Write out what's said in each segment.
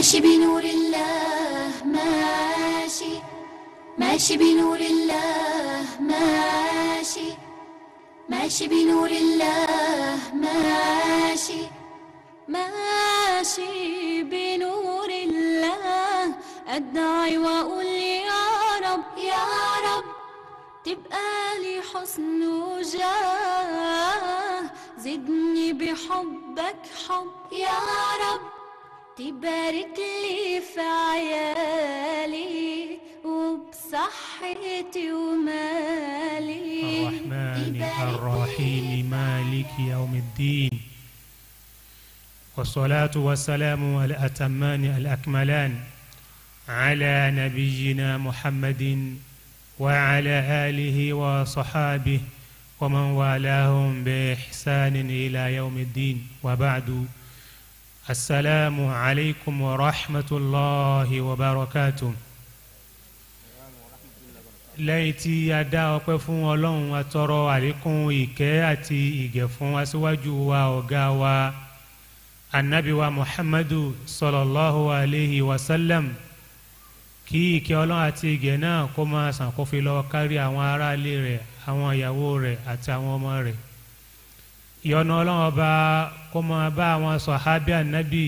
ماشي بنور الله ماشي ماشي بنور الله ماشي ماشي بنور الله ماشي ماشي بنور الله أدعي وأقول يا رب يا رب تبقى لي حسن وجاه زدني بحبك حب يا رب تبارك لي في عيالي وبصحتي ومالي الرحمن الرحيم مالك يوم الدين والصلاة والسلام الأتمان الأكملان على نبينا محمد وعلى آله وصحابه ومن والاهم بإحسان إلى يوم الدين وبعد السلام عليكم ورحمة الله وبركاته lẹ́yìn tí a dá ọpẹ́ fún ọlọ́run a tọrọ àlékún ìkẹ́ àti ìgẹ̀ fún aṣíwájú wa ọ̀gá wa anabi wa muhammadu sallallahu alayhi wa sallam kí ìkẹ́ ọlọ́run àti ìgẹ̀ náà kó máa sàn lọ kárí àwọn aráalé rẹ̀ àwọn ìyàwó rẹ̀ àti àwọn ọmọ rẹ̀ ìyọ́nú ọlọ́run ọba kó máa bá àwọn sọ̀hábí ànábì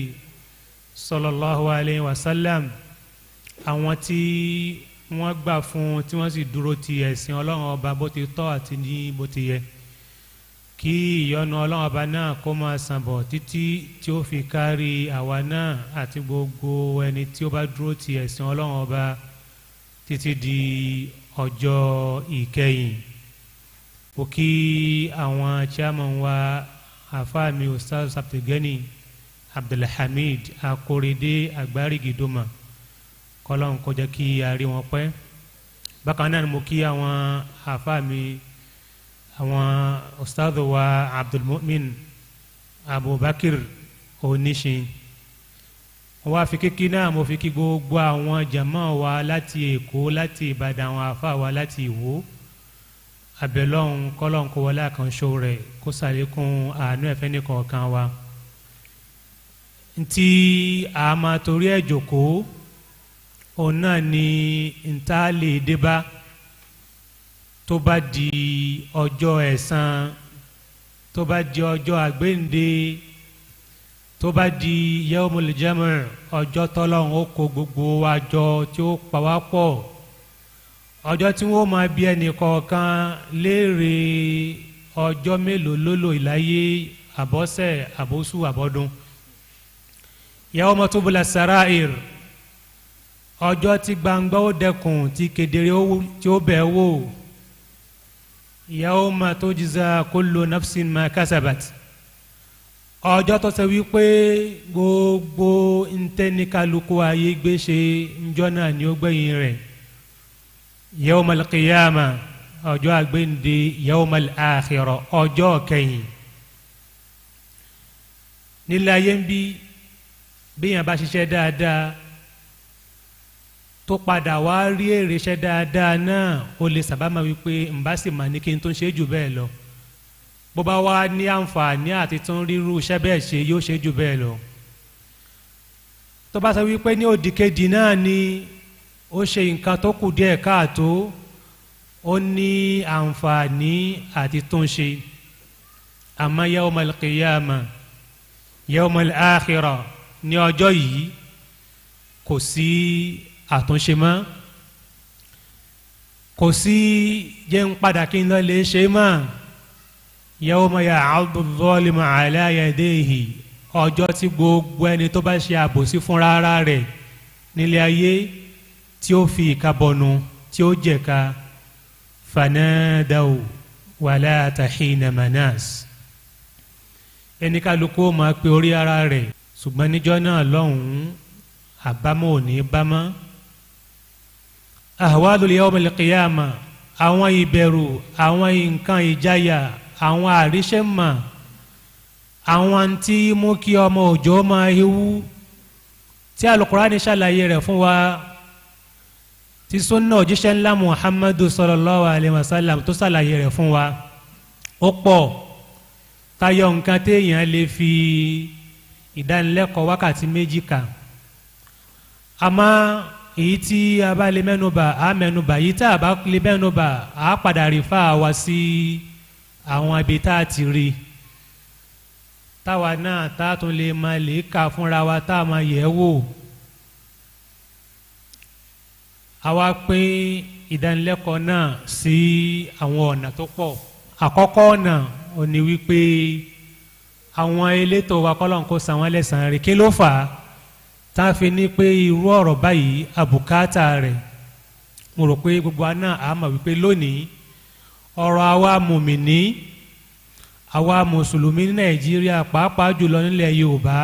sallallahu alayhi wa sallam àwọn tí wọ́n gbà fún tí wọ́n sì dúró ti ẹ̀sìn ọlọ́run ọba bó ti tọ́ àti ní bó ti yẹ kí ìyọ́nú ọlọ́run ọba náà kó máa sàn títí tí ó fi kárí àwa náà àti gbogbo ẹni tí ó bá dúró ti ẹ̀sìn ọlọ́run ọba títí di ọjọ́ ìkẹyìn ó kí àwọn chairman wa àfáà mi ustaz abdulgani abdulhamid akorede agbárigidoma kọlọ́n kó jẹ́ kí a rí wọn pẹ́ bákan náà mo kí àwọn àfáà àwọn ustaz wa abdulmumin abubakar oníṣin wọ́n wá fi kékeré náà mo fi kí gbogbo àwọn jàmáà wa láti èkó láti ìbàdàn àwọn àfáà wa láti ìwó abẹ́lọ́hún kọ́lọ́hún kó wọlé àkànṣe rẹ̀ kó ṣàlékún àánú ẹ̀fẹ́ nìkọ̀ọ̀kan wa ntí a máa torí ẹ̀ jòkóó òun náà ni ntá lè débá tó bá di ọjọ́ ẹ̀san tó bá di ọjọ́ àgbéǹde tó bá di yẹ́wọ́mọlẹ́jẹ́mọ̀ ọjọ́ tọ́lọ́hún ó kó gbogbo wa jọ tí ó pa wá pọ̀ ọjọ́ tí wọ́n máa bí ẹnì kọ̀ọ̀kan léèrè ọjọ́ mélòó lólò ìláyé àbọ́sẹ̀ àbóṣù àbọ́dún yawma tubla sarair ọjọ́ tí gbangba ó dẹkùn tí kedere tí ó bẹ̀ wò yawma tujza kullu nafsin ma kasabat ọjọ́ tó ṣe wípé gbogbo ntẹ́nikaluku ayé gbéṣe ńjọ́ náà ni ó gbẹ̀yìn rẹ̀ yawmal qiyama ọjọ́ àgbéǹde yawmal akhirah ọjọ́ kẹyìn nílẹ̀ ayé ń bí bíyàn bá ṣiṣẹ́ dáadáa tó padà wá rí èrè iṣẹ́ dáadáa náà ó lè sábàmà wípé ǹbá sì mà ní kí n tó ń ṣe jù bẹ́ẹ̀ lọ bó bá wá ní àǹfààní àti tó rírú iṣẹ́ bẹ́ẹ̀ ṣe yóò ṣe jù bẹ́ẹ̀ lọ tó bá sọ wípé ní òdìkejì náà ni ó ṣe nǹkan tó kù díẹ̀ káàtó ó ní àǹfààní àti túnṣe àmọ́ yawmal qiyama yawmal akhira ní ọjọ́ yìí kò sí àtúnṣe mọ́ kò sí jẹ́ ń padà kí n lọ lè ṣe mọ́ yawma ya'addu dhalimu ala ọjọ́ tí gbogbo ẹni tó bá ṣe àbòsí fúnra rẹ̀ nílé ayé tí ó fi ìka bọnu tí ó jẹ̀ka fanadaw wàlá tahina manas ẹni kálukú ó máa pe orí ara rẹ̀ ṣùgbọ́n níjọ́ náà lọ́hùn-ún àbámọ̀ ò ní bámọ́ ahwadul yawmil qiyama àwọn ìbẹ̀rù àwọn nǹkan ìjáyà àwọn àríṣẹ́mà àwọn tí mú kí ọmọ òjò máa hewú tí Al-Qur'ani ṣàlàyé rẹ̀ fún wa tí sunna òjíṣẹ́ ńlá muhammadu sallallahu alayhi wa sallam tó ṣàlàyé rẹ̀ fún wa ó pọ̀ tayọ nǹkan téèyàn lè fi ìdánilẹ́kọ̀ọ́ wákàtí méjì kà àmọ́ èyí tí a bá lè mẹ́nubà á mẹ́nubà yìí tá a bá lè mẹ́nubà á padà rìfà wá sí àwọn ibi tá a ti rí táwa náà tá a tún lè máa lè kà fúnra wa tá a máa yẹ̀ wò a wá pé ìdánilẹ́kọ̀ọ́ náà sí àwọn ọ̀nà tó pọ̀ àkọ́kọ́ ọ̀nà ò ní wípé àwọn elétò wa kọ́lọ́n kó san wọ́n lẹ́sàn-án rẹ̀ kí ló fà á tá a fi ní pé irú ọ̀rọ̀ báyìí àbùkátà rẹ̀ mo rò pé gbogbo àná àmọ̀ wípé lónìí ọ̀rọ̀ àwa mùmìnì àwa mùsùlùmí ní nàìjíríà pàápàá jùlọ nílẹ̀ yorùbá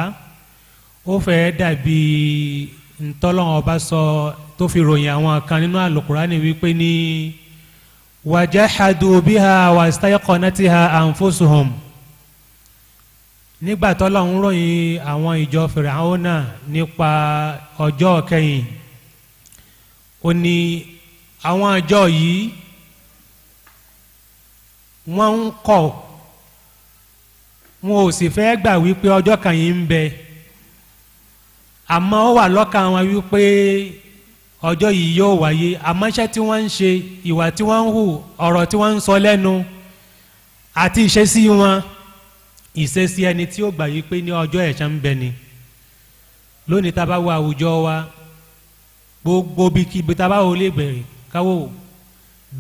ó fẹ́ dàbí ntọ́lọ́wọ́n ọba sọ tó fi ròyìn àwọn kan nínú àlùkùránì wípé ní wajahadu biha wastayqanatiha anfusuhum nígbà tọ́lọ́hún ròyìn àwọn ìjọ Fìràhónà nípa ọjọ́ kẹyìn ó ní àwọn ìjọ yìí wọ́n ń kọ̀ wọn ò sì fẹ́ gbà wípé ọjọ́ kẹyìn ń bẹ àmọ́ ó wà lọ́kàn wọn wípé ọjọ́ yìí yóò wáyé àmọ́ṣẹ́ tí wọ́n ń ṣe ìwà tí wọ́n ń hù ọ̀rọ̀ tí wọ́n ń sọ lẹ́nu àti ìṣesí wọn ìṣesí ẹni tí ó gbà yí pé ní ọjọ́ ẹ̀san ń bẹ ni lónìí tá a bá wo àwùjọ wa gbogbo ibikíbi tá a bá wo lè bẹ̀rẹ̀ káwọ́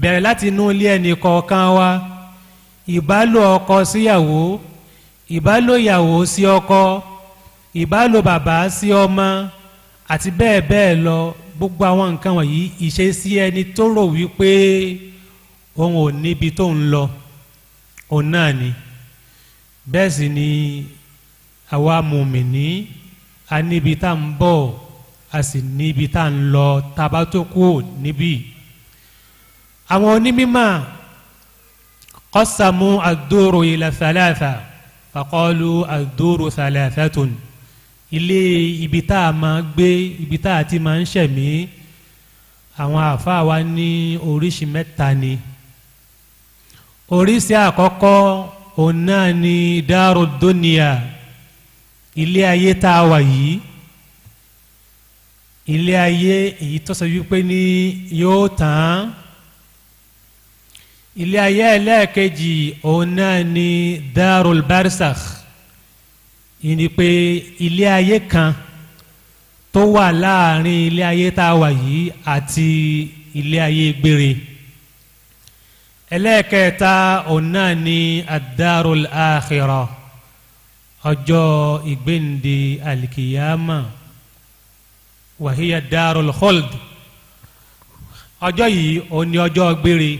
bẹ̀rẹ̀ láti inú ilé ẹnì kọ̀ọ̀kan wa ìbálò ọkọ síyàwó ìbálò ìyàwó sí ọkọ ìbálò bàbá sí ọmọ àti bẹ́ẹ̀ bẹ́ẹ̀ lọ gbogbo àwọn nǹkan wọ̀nyí ìṣesí ẹni tó rò wípé òun ò níbi tó ń lọ òun náà ni bẹ́ẹ̀ sì ni àwa mùmìnì a níbi tá ń bọ̀ a sì níbi tá ń lọ taba tó kú níbí àwọn onímọ̀ qasamu ad-duru ila thalatha faqalu ad-duru thalathatun ilé ibi tá a máa gbé ibi tá a ti máa ń ṣẹ̀mí àwọn àáfàá wa ní oríṣi mẹ́ta ni oríṣi àkọ́kọ́ òun náà ni dárò dóníyà ilé ayé tá a wà yìí ilé ayé èyí tó sọ wípé ní yóò tán ilé ayé ẹlẹ́ẹ̀kejì òun náà ni dárò barsakh yìí ni pé ilé ayé kan tó wà láàrin ilé ayé tá a wà yìí àti ilé ayé gbére ẹlẹ́ẹ̀kẹta òun náà ni ad-darul akhirah ọjọ́ ìgbéǹde alikiyama wàhíyà darul khuld ọjọ́ yìí òun ni ọjọ́ gbére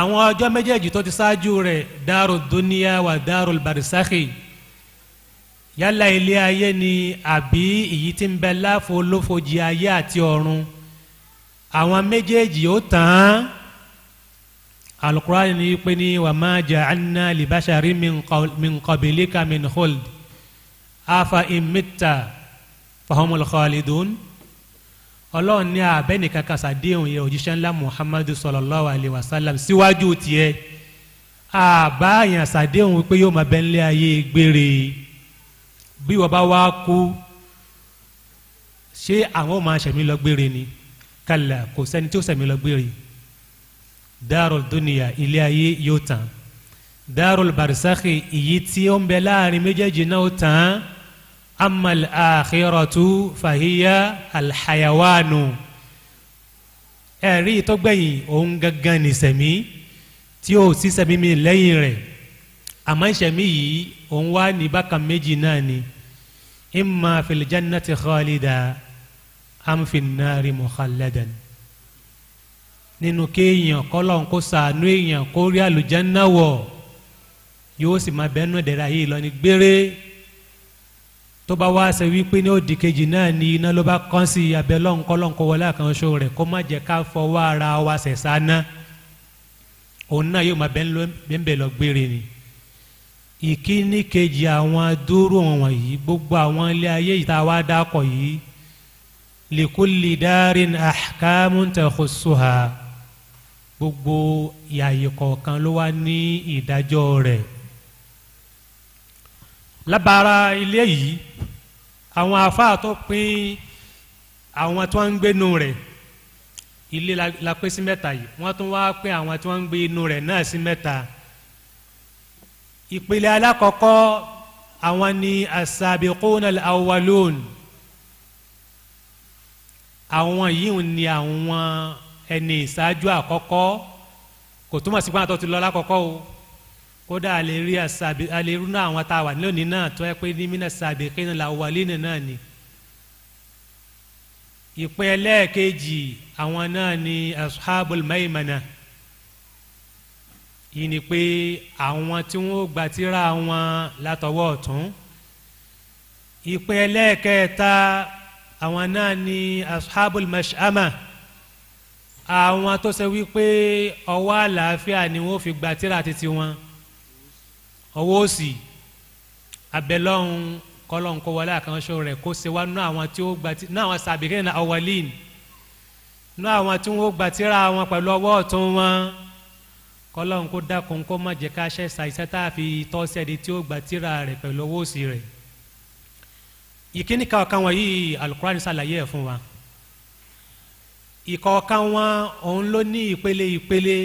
àwọn ọjọ́ méjèèjì tó ti ṣáájú rẹ̀ darud dunya wà darul barisakhi yálà ilé ayé ni àbí èyí tí ń bẹ láfo lófojì ayé àti ọ̀run àwọn méjèèjì ó tàn án alukuraan ni pé ní wa ma ja'alna li basharin min qablika min khuld afa imita fahumul khalidun ọlọ́run ní abẹ́nìkan kàṣàdéhùn yẹ òjíṣẹ́ ńlá muhammadu sallallahu alayhi wa sallam síwájú tiẹ̀ àbáyàn ṣàdéhùn pé yóò máa bẹ́ńlẹ̀ ayé gbére bí wọ́n bá wá kú ṣé àwọn máa ṣẹ̀mí lọ gbére ni kálá kò sẹ́ni tí ó ṣẹ̀mí lọ gbére darul dunia ilé ayé yóò tán darul barisakhi iyì tí ó ń bẹ láàrin méjèèjì náà tán amal akhiratu fahiya alhayawanu ẹ̀rí ìtọ́gbẹ̀yìn òun gangan ní sẹ̀mí tí ó sì sẹ̀mí mi lẹ́yìn rẹ̀ àmọ́ ìṣẹ̀mí yìí òun wá ní bákan méjì náà ni imma fil jannati khalida am fin nari mukhalladan nínú kéèyàn kọ́lọ́n kó sàánú èèyàn kó rí àlùjánnà wọ̀ yóò sì máa bẹ́ẹ̀ nù dẹ̀ra yìí lọ ní gbére tó bá wá ṣe wípé ní òdì kejì náà ni iná ló bá kán sí abẹ́ lọ́nkọ́lọ́n kó wọlé àkànṣe rẹ̀ kó má jẹ́ ká fọwọ́ ara wa ṣẹ̀ṣá ná òun náà yóò máa bẹ́ẹ̀ lọ gbére ni ìkíní kejì àwọn dúró wọ̀nyí gbogbo àwọn ilé ayé yìí tá a wá dákọ̀ yìí likulli darin ahkamun takhussuha gbogbo yàyè kọ̀ọ̀kan ló wá ní ìdájọ́ rẹ̀ lábara ilé yìí àwọn àfáà tó pín àwọn tí wọ́n ń gbénu rẹ̀ ilé la pín sí mẹ́ta yìí wọ́n tún wá pín àwọn tí wọ́n ń gbé rẹ̀ náà sí mẹ́ta. Si ìpele alákọ̀ọ́kọ́ àwọn ni asabiquna al-awwalun àwọn yìí ni àwọn ẹni ìṣáájú àkọ́kọ́ kò túmọ̀ sí pé àtọ́ ti lọ lákọ̀ọ́kọ́ o kódà a lè rí asabi a lè rúnà àwọn tá a wà lónìí náà tó yẹ pé ní mina sabiqina al-awwalina náà ni ìpín ẹlẹ́ẹ̀kejì àwọn náà ni ashabul maimana yìí ni pé àwọn tí wọ́n gbàtíra wọn látọwọ́ ọ̀tún ìpè ẹlẹ́ẹ̀kẹta àwọn náà ni ashabul mash'ama àwọn tó ṣe wípé ọwọ́ àlàáfíà ni wọ́n fi gbàtíra títí wọn ọwọ́ òsì abẹ́lọ́hún kọ́lọ́hún kó wọlé àkànṣe rẹ̀ kó ṣe wá nú àwọn tí ó gbàtí nú àwọn sàbíkẹ́ ní awalin nú àwọn tí wọ́n gbàtíra wọn pẹ̀lú ọwọ́ ọ̀tún wọn kọ́lọ́run kó dákun kó má jẹ́ ká ṣe ṣàìṣẹ́ tá a fi tọ́ sẹ́ni tí ó gbà tíra rẹ̀ pẹ̀lú owó òsì rẹ̀ ìkíní kọ̀ọ̀kan wọn yìí alukurani ṣàlàyé ẹ̀ fún wa ìkọ̀ọ̀kan wọn òun ló ní ìpele ìpele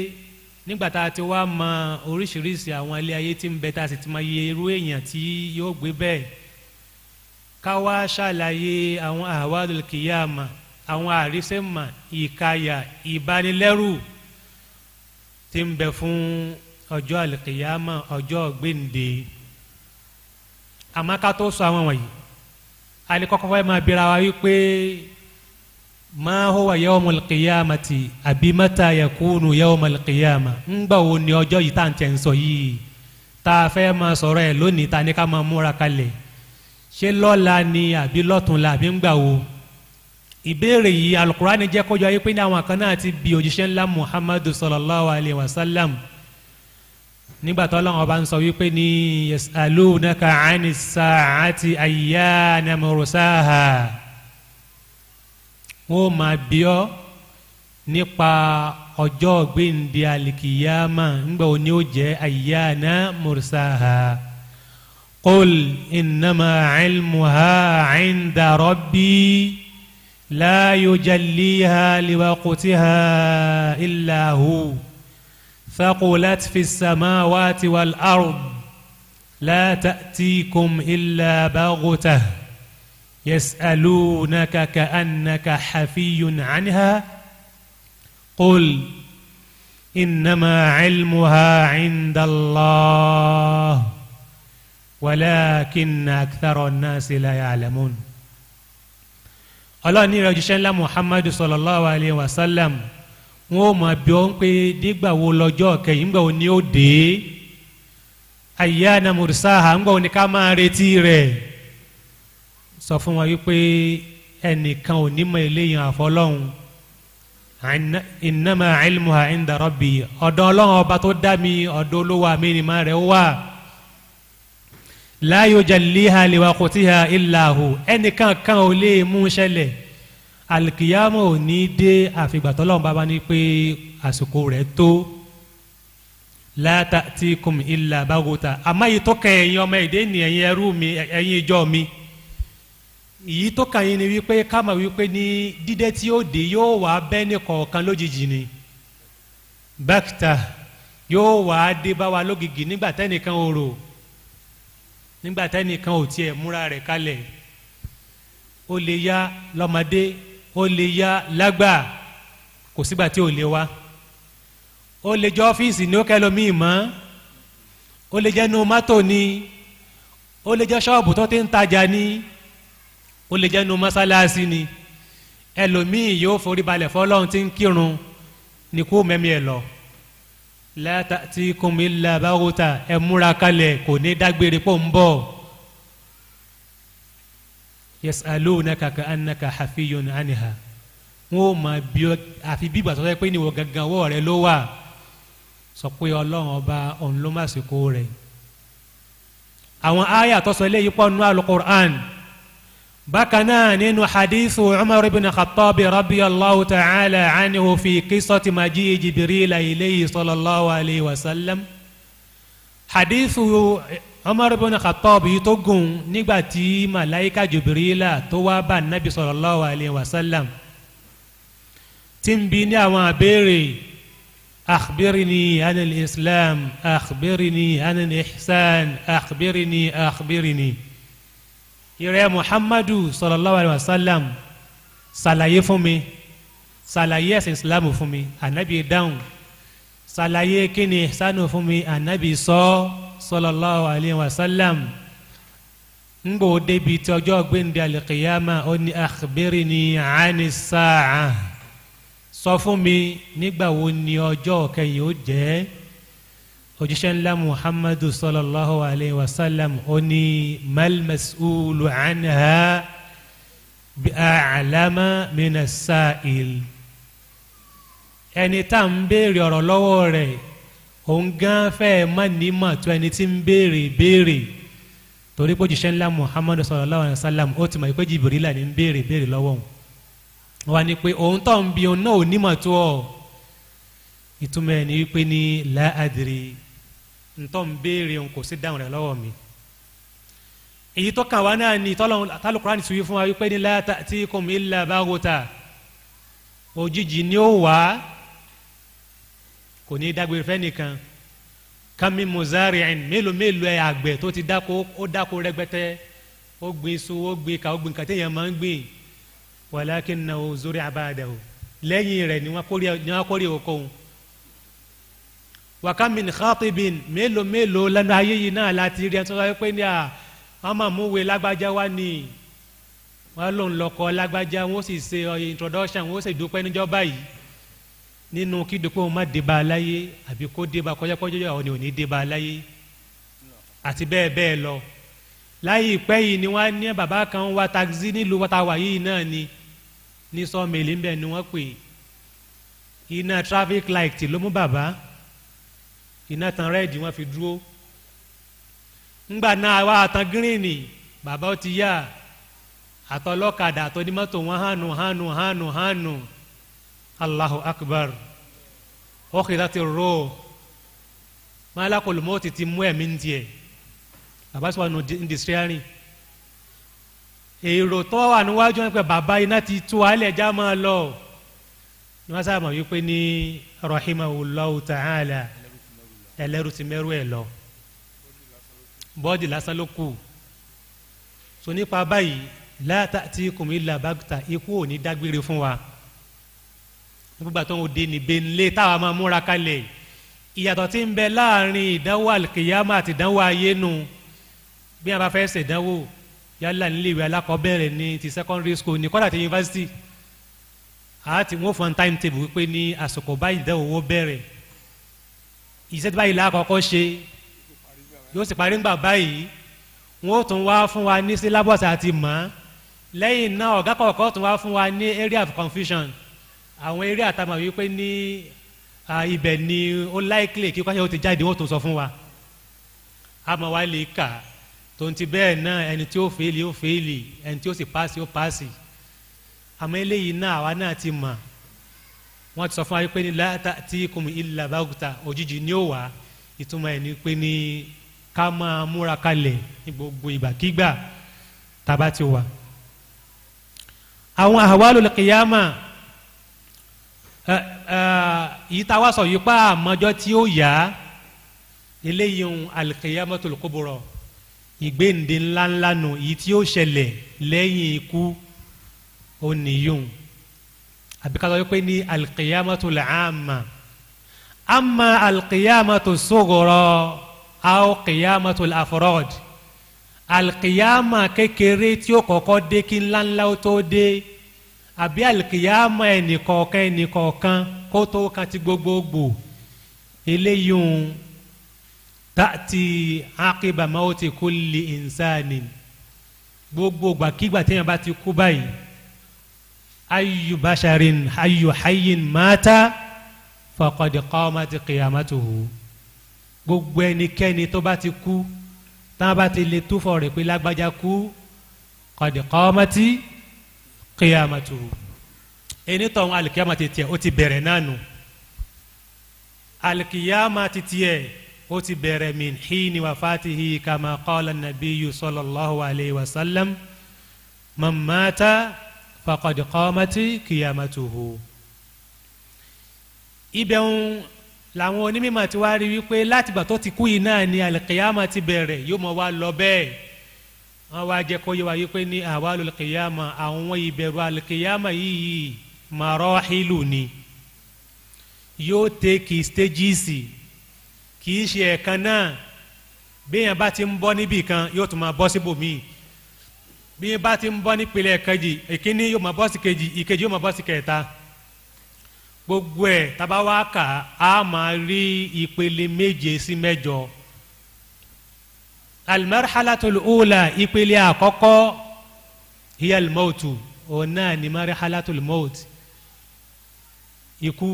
nígbà tá a ti wá mọ oríṣiríṣi àwọn ilé ayé tí ń bẹ tá a sì ti mọ iye irú èèyàn tí yóò gbé bẹ́ẹ̀ ká wá ṣàlàyé àwọn àwàdùn kìyàmà àwọn àrísẹ́mà ìkàyà ìbanilẹ́rù tí ń bẹ fún ọjọ́ àlìkìyàmà ọjọ́ gbèǹde àmọ́ ká tó sọ àwọn wọ̀nyí alikọ́kọ́ fẹ́ máa bira wa wípé ma huwa yawmul qiyamati àbí mata yakunu yawmul qiyama ńgbà wo ni ọjọ́ yìí tá à ń tẹ̀ ń sọ yìí tá a fẹ́ máa sọ̀rọ̀ ẹ̀ lónìí ta ni ká máa múra kalẹ̀ ṣé lọ́la ni àbí lọ́tùnla àbí ńgbà wo ìbéèrè yìí alukurani jẹ́ kó yọ ayé pé ní àwọn kan náà ti bi òjíṣẹ́ ńlá muhammadu sallallahu alayhi wa sallam nígbà tó lọ́wọ́ bá ń sọ wípé ní yasalunaka ani sa'ati ayyana mursaha wọ́n máa bi ọ́ nípa ọjọ́ gbéǹde alikiyama ńgbà wo ni ó jẹ́ ayyana mursaha qul innama ilmuha inda rabbi. لا يجليها لوقتها إلا هو ثقلت في السماوات والأرض لا تأتيكم إلا بغته يسألونك كأنك حفي عنها قل إنما علمها عند الله ولكن أكثر الناس لا يعلمون ọlọ́run ní ìrọ̀jíṣẹ́ ńlá muhammadu sallallahu alayhi wa sallam wọn ò mọ̀ bí wọ́n pé dígbà wo lọ́jọ́ kẹyìn ńgbà wo ni ó dé ayyana mursaha ńgbà wo ni ká máa retí rẹ̀ sọ fún wa wípé ẹnìkan ò ní mọ eléyìí àfọlọ́hún innama ilmuha inda rabbi ọ̀dọ̀ ọlọ́run ọba tó dá mi ọ̀dọ̀ olówó àmì ìnìmọ̀ rẹ̀ láyò jàlíhà lèwàkùtìhà ìlàhù ẹnìkan kan ò lè mú ṣẹlẹ̀ alìkìyàmọ̀ ò ní dé àfìgbà tọ́lọ́run bá bá ní pé àsìkò rẹ̀ tó láta tí kùm ìlà bágòtà àmọ́ yìí tó kàn ẹ̀yin ọmọ èdè ni ẹ̀yin ẹrú mi ẹ̀yin ìjọ mi yìí tó kàn yín ni wípé ká wípé ní dídé tí ó dé yóò wá bẹ́ẹ̀ ní kọ̀ọ̀kan lójijì ni bákítà yóò wá dé bá wa lógìgì nígbà tẹ́nìkan ò rò nígbà tẹ́nìkan ò tiẹ̀ múra rẹ̀ kalẹ̀ ó lè yá lọ́mọdé ó lè yá lágbà kò sígbà tí ò lè wá ó lè jẹ́ ọ́fíìsì ní ó kẹlòmíì mọ́ ó lè jẹ́ nu mọ́tò ni ó lè jẹ́ ṣọ́ọ̀bù tó ti ń tajà ni ó lè jẹ́ nu mọ́sálásí ni ẹlòmíì yóò forí balẹ̀ fọlọ́run tí ń kírun ni kó mẹ́mí ẹ lọ la ta'tikum illa baghta ẹ múra kalẹ̀ kò ní dágbére pọ̀ ń bọ̀ yas'alunaka ka'annaka hafiyun anha wọn ò máa bí ọ àfi bí gbàtọ́ pé níwọ̀ gangan ọwọ́ rẹ ló wà sọ pé ọlọ́run ọba òun ló má àwọn àyà tó eléyìí pọ̀ nù al bákan náà nínú hadithu umar ibn khattabi radiyallahu ta'ala anhu fi qisati maji jibril ilayhi sallallahu alayhi wa sallam hadithu umar ibn khattabi tó gùn nígbà tí malaika jibrila tó wá bá nabi sallallahu alayhi wa sallam tí ń bi ní àwọn àbẹ̀rẹ̀ akhbirni anil islam akhbirni anil ihsan akhbirni akhbirni. akhbirni ìrẹ muhammadu sallallahu alayhi wa sallam ṣàlàyé fún mi ṣàlàyé ẹ̀sìn islam fún mi ànábì dáhùn ṣàlàyé kíni sanu fún mi ànábì sọ sallallahu alayhi wa sallam ngbò débi tí ọjọ́ gbẹ̀ndé alikiyama ó ní akhbirni ani sáà sọ fún mi nígbà wo ni ọjọ́ kẹyìn ó jẹ́ òjíṣẹ́ ńlá muhammadu sallallahu alayhi wa sallam ó ní malmasulu anha bi a'lama mina sa'il ẹni tá à ń béèrè ọ̀rọ̀ lọ́wọ́ rẹ̀ òun gan fẹ́ má nímọ̀ tó ẹni tí ń béèrè béèrè torí pé òjíṣẹ́ ńlá muhammadu sallallahu alayhi wa sallam ó ti mọ̀ pé jìbìrìlà ní ń béèrè béèrè lọ́wọ́ òun wà ní pé òun tó ń bi òun náà ò nímọ̀ tó ọ̀ ìtumọ̀ ẹ̀ wípé ní láàdìrí ntọ́ ń béèrè òun kò sí dáhùn rẹ̀ lọ́wọ́ mi èyí tó kàn wá náà ni tálùkùránì sọ fún wa wípé ní la ta'tikum illa baghta òjijì ni ó wá kò ní dágbére fẹ́nìkan kami muzari'in mélòó mélòó ẹ àgbẹ̀ tó ti dáko ó dáko rẹgbẹtẹ ó gbin iṣu ó gbin ká ó gbin kàtẹ́ yẹn máa ń gbìn walakinnahu zuri'a ba'dahu lẹ́yìn rẹ̀ ni wọ́n kórè okòwò wakamin khatibin melo melo lẹ́nu ayé yìí náà láti rí ẹni tó sọ pé ní à wọ́n máa mú wé lágbájá wá ní wọ́n lòun lọ́kọ lágbájá wọ́n sì ṣe uh, introduction wọ́n sì dúpẹ́ níjọ́ báyìí nínú kí dúpẹ́ wọn má débà láyé àbí kó débà kọjákọjá àwọn ni ò ní débà láyé àti bẹ́ẹ̀ bẹ́ẹ̀ lọ láyé ìpẹ́ yìí ni wọ́n á ní bàbá kan wá taxi nílùú wọ́tàwá yìí náà ni ní sọ́ọ̀mẹ̀lì ń bẹ̀ ni wọ́n pè iná traffic light ló mú bàbá iná tan rẹ́ẹ̀dì wọ́n fi dúró ńgbà náà wá àtàn gírínì bàbá ó ti yá àtọlọ́kadà àtọ́nímọ́tò wọn hánu hánu hánu hánu Allahu Akbar ọ̀kìlá ti rò ó malakul mọ́ọ̀tì ti mú ẹ̀mí ń tiẹ̀ bàbá sọ wà nù ndìsírẹ́rìn èrò tó wà níwájú wọn pé bàbá iná ti tú alẹ̀ já máa lọ ni wọ́n sábà mọ̀ wípé ní rahimahullahu ta'ala ẹlẹ́rú ti mẹ́rú ẹ̀ lọ bọ́ọ̀dì lásán ló kù so nípa báyìí láàtà tí kùmí là bàgùtà ikú ò ní dágbére fún wa nígbà tó ń de ní benle táwa máa múra kalẹ̀ ìyàtọ̀ tí ń bẹ láàrin ìdánwò àlùkìyàmà àti ìdánwò ayé nu bí a bá fẹ́ ṣèdánwò yálà nílé ìwé alákọ̀ọ́bẹ̀rẹ̀ ní ti secondary school ní kọ́dà ti yunifásitì àti wọ́n fún time table wípé ní àsìkò báyìí ìdánwò bẹ̀rẹ̀ iṣẹ́ tí báyìí lákọ̀ọ́kọ́ ṣe yóò sì parí ńgbà báyìí wọ́n ó tún wá fún wa ní syllabus àti mọ́ lẹ́yìn náà ọ̀gá kọ̀ọ̀kọ́ tún wá fún wa ní area of confusion àwọn area tá a mọ̀ wípé ní ibẹ̀ ni ó likely kí kwáṣẹ́ ó ti jáde wọ́n tún sọ fún wa àmọ́ wa lè kà tó ń ti bẹ́ẹ̀ náà ẹni tí ó fèèlì ó fèèlì ẹni tí ó sì paasi ó paasi àmọ́ eléyìí náà àwa náà ti mọ̀ wọ́n ti sọ fún wa pé ní láta tí kùn ilà bàgùtà òjijì ni ó wà ìtumọ̀ ẹ̀ ni pé ní ká máa múra kalẹ̀ ní gbogbo ìgbàkígbà tàbá ti wà. àwọn àwálò lẹ́kẹ̀yàmà yìí tá a wá sọ yìí pa àmọ́jọ́ tí ó yá eléyìí ń al-qiyamatul kubra ìgbéǹde ńláńlá nù yìí tí ó ṣẹlẹ̀ lẹ́yìn ikú ó nìyóhùn àbí ká sọ pé ní alqiyamatu làámà ama alqiyamatu sogorọ aw qiyamatu afrod alqiyama kékeré tí ó kọ́kọ́ dé kí ńláńlá ó tó dé àbí alqiyama ẹnìkọ̀ọ̀kan ẹnìkọ̀ọ̀kan kó tó kan ti gbogbogbò eléyìí tati aqiba mawti kulli insani gbogbo gbàkígbà téèyàn bá ti kú báyìí ayu basharin ayu hayin mata faqad qamati qiyamatuhu gbogbo ẹnikẹ́ni tó bá ti kú tá a bá ti lè tó fọ rẹ̀ pé lágbájá kú qad qamati qiyamatuhu ẹni tọ̀hún alikiyama ti tiẹ̀ ó ti bẹ̀rẹ̀ nánu alikiyama ti tiẹ̀ ó ti bẹ̀rẹ̀ min hini wafatihi kama qala nabiyyu sallallahu alayhi wa sallam man mata faqad qamati qiyamatuhu. ibẹ̀ ń làwọn onímọ̀ ti wá rí wípé látìgbà tó ti kú yìí náà ni al-qiyama ti bẹ̀rẹ̀ yóò mọ̀ wá lọ bẹ́ẹ̀ wọ́n wá jẹ́ kó yé wa wípé ní awalul qiyama àwọn ìbẹ̀rù al-qiyama yìí marahilu ni yóò tẹ́kì stages kì í ṣe ẹ̀kan náà béèyàn bá ti ń bọ́ níbì kan yóò tún máa bọ́ síbòmíì bí yín bá ti ń bọ́ nípìnlẹ̀ kejì ìkíní yóò máa bọ́ sí kejì ìkejì yóò máa bọ́ sí kẹta gbogbo ẹ̀ tábà wá kà á máa rí ìpele méje sí mẹ́jọ almarhalatul ula ìpele àkọ́kọ́ hiya almautu òun náà ni marhalatul maut ikú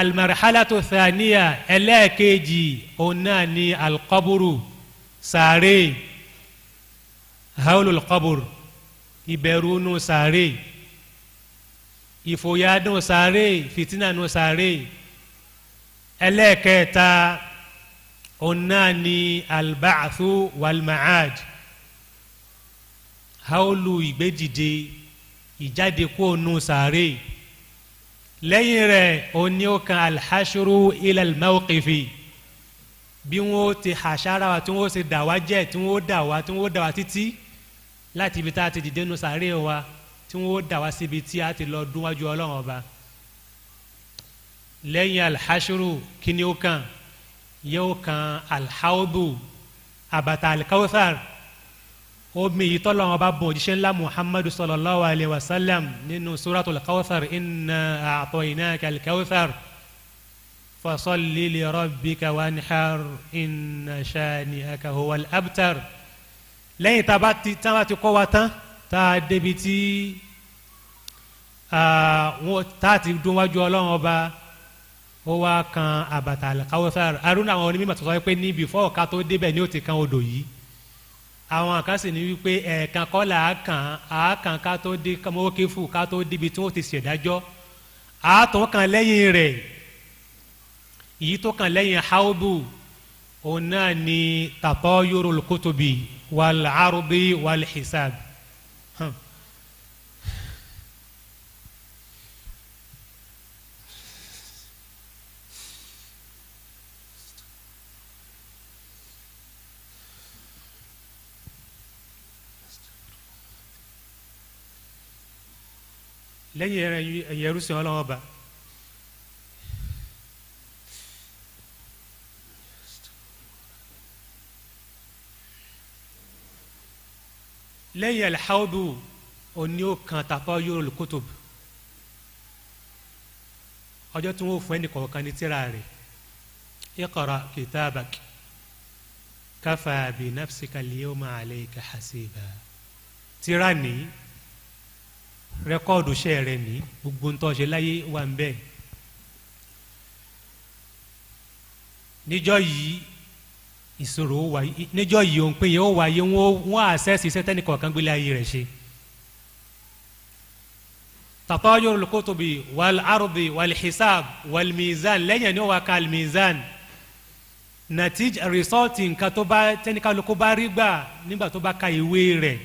almarhalatu thaniya ẹlẹ́ẹ̀kejì òun ni alqaburu sàárè haulul qabur ìbẹ̀rù nù sàárè ìfòyà nù sàárè fìtínà nù sàárè ẹlẹ́ẹ̀kẹta ọ̀nà ni albaathu walmaad haulu ìgbédìde ìjáde kó nù sàárè lẹ́yìn rẹ̀ òní ó kan alḥaṣuru ila almawqifi bí wọ́n ti hàṣára wa tí wọ́n ti dà jẹ́ tí wọ́n dà tí wọ́n dà títí láti ibi tá a ti dìde nu sàárè wa tí wọ́n dà wá síbi tí a ti lọ dúnwájú ọlọ́run ọba lẹ́yìn alhashiru kíni ó kàn yóò kan alhaudu abata alkawthar omi yìí tọ́lọ́run ọba bùn òjíṣẹ́ ńlá muhammadu sallallahu alayhi wa sallam nínú suratul kawthar inna a'tainaka alkawthar fasalli li rabbika wanhar inna shani'aka huwal abtar lẹ́yìn tá a bá ti tá a bá ti kọ́ wa tán tá a débi tí tá a ti dún wájú ọlọ́run ọba ó wá kan àbàtà àlàkáwọ́sá arúnà àwọn onímọ̀ tó sọ pé ní before ká tó débẹ̀ ni ó ti kan odò yìí àwọn kan sì ní wípé ẹ̀ẹ̀kan kọ́là àákàn àákàn ká tó dé mọ́wókẹ́fù ká tó débi tí wọ́n ti ṣèdájọ́ àátọ́ kan lẹ́yìn rẹ̀ èyí tó kan lẹ́yìn haubu òun náà ni tàtọ́ yorùlù والعرض والحساب lẹ́yìn ẹ̀yẹrú sí ọlọ́wọ́ bá lẹ́yìn alihawdu òní ó kan tàfọ́ yóò lò kótó ọjọ́ tí wọ́n fún ẹnì kọ̀ọ̀kan ní tíra rẹ̀ iqra kitabak kafa bi nafsika al-yawma alayka hasiba tíra ní rẹ́kọ́ọ̀dù iṣẹ́ rẹ̀ ní gbogbo ń láyé wà ń bẹ́ẹ̀ níjọ́ yìí ìṣòro ó wáyé níjọ́ yìí òun pé yẹn ó wáyé wọ́n àṣẹ́sì iṣẹ́ tẹ́nìkọ̀ọ̀kan gbélé ayé rẹ̀ ṣe. tàtọ́jú olùkótóbi wàl arúbi wàl hisab wàl mizan lẹ́yìn ní wàá kàl mizan natij rìsọ́ọ̀tì nǹkan tó bá tẹ́nìkàlùkù bá rí gbà nígbà tó bá ka ìwé rẹ̀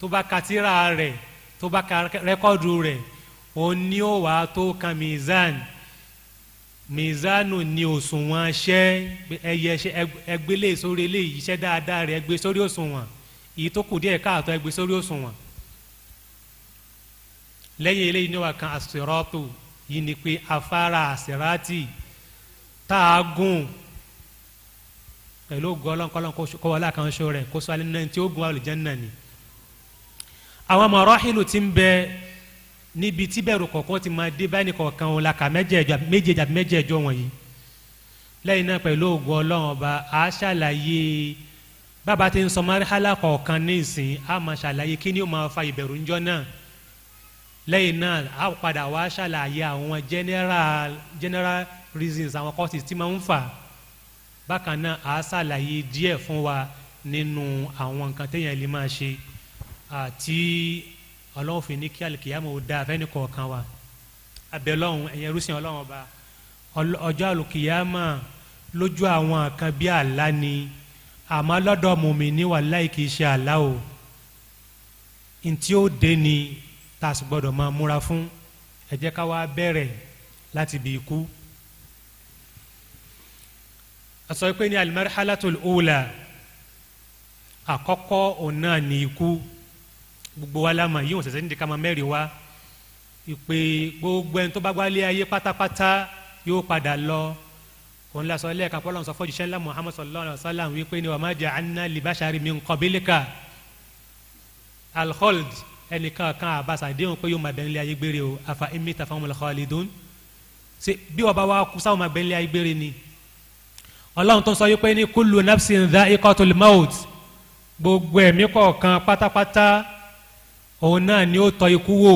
tó bá ka tírà rẹ̀ tó bá ka rẹ́kọ́ọ̀dù rẹ̀ òun ni ó wàá tó ka mizan mizanu ni òṣùwọ̀n ṣẹ́ ẹyẹ ṣẹ́ ẹgbẹ́lé sórí eléyìí iṣẹ́ dáadáa rẹ̀ ẹgbẹ́ sórí òṣùwọ̀n èyí tó kù díẹ̀ káàtó ẹgbẹ́ sórí òṣùwọ̀n lẹ́yìn eléyìí ni wà kan àsìrọ́tò yìí ni pé afárá àsìrátì tá a gùn pẹ̀lú ògùn ọlọ́nkọ́lọ́n kó wọlé àkànṣe rẹ̀ kó sọ alẹ́ náà tí ó gun àlùjànnà ni àwọn mọ̀rọ́hìlù ti ń bẹ níbi tí bẹ̀rù kọ̀ọ̀kan ti máa dé báyìí kọ̀ọ̀kan o la kà mẹ́jẹ̀ẹ̀jọ méjèèjọ mẹ́jẹ̀ẹ̀jọ wọ̀nyí lẹ́yìn náà pẹ̀lú ògùn ọlọ́run ọba a ṣàlàyé bàbá tí ń sọ márìhálà kọ̀ọ̀kan ní ìsìn a máa ṣàlàyé kí ni ó máa fa ìbẹ̀rù ńjọ́ náà lẹ́yìn náà a padà wá ṣàlàyé àwọn general general reasons àwọn causes tí máa ń fà bákan náà a ṣàlàyé díẹ̀ fún wa nínú àwọn nǹkan téèyàn lè máa ṣe àti ọlọ́run fi ní kí àlùkìyàmọ̀ ó dáa fẹ́ni kọ̀ọ̀kan wa abẹ́ ọlọ́run ẹ̀yẹ rúṣin ọlọ́run ọba ọjọ́ àlùkìyàmọ̀ lójú àwọn kan bí àlá ni àmọ́ lọ́dọ̀ mùmíní wàláhì kì í ṣe àlá o ntí ó dé ni tá a sì gbọ́dọ̀ máa múra fún ẹ ká wá bẹ̀rẹ̀ láti bí ikú asọ pé ní al-marhalatul ula àkọ́kọ́ òun náà ní ikú gbogbo wa la mọ̀ yìí wọ́n ṣẹ̀ṣẹ̀ ní ìdíkà máa mẹ́rin wa ìpè gbogbo ẹni tó bá wálé ayé pátápátá yóò padà lọ òun la sọ lẹ́ẹ̀ka pọ́lọ́ sọ fọ́jú sẹ́lá muhammad sallallahu alayhi wa sallam wípé ni wa ma ja'alna li bashari min qablika alkhold ẹnìkan kan àbáṣà déhùn pé yóò máa bẹ̀rẹ̀ lé ayé gbére o afa emi tafa wọn khalidun ṣe bí wọ́n bá wá kú sáwọn máa bẹ̀rẹ̀ lé ayé gbére ni ọlọ́run tó ń sọ yìí pé ní kullu nafsin dha'iqatul maut gbogbo ẹ̀mí kọ̀ọ̀kan pátápátá òun náà ni ó tọ́ ikú wò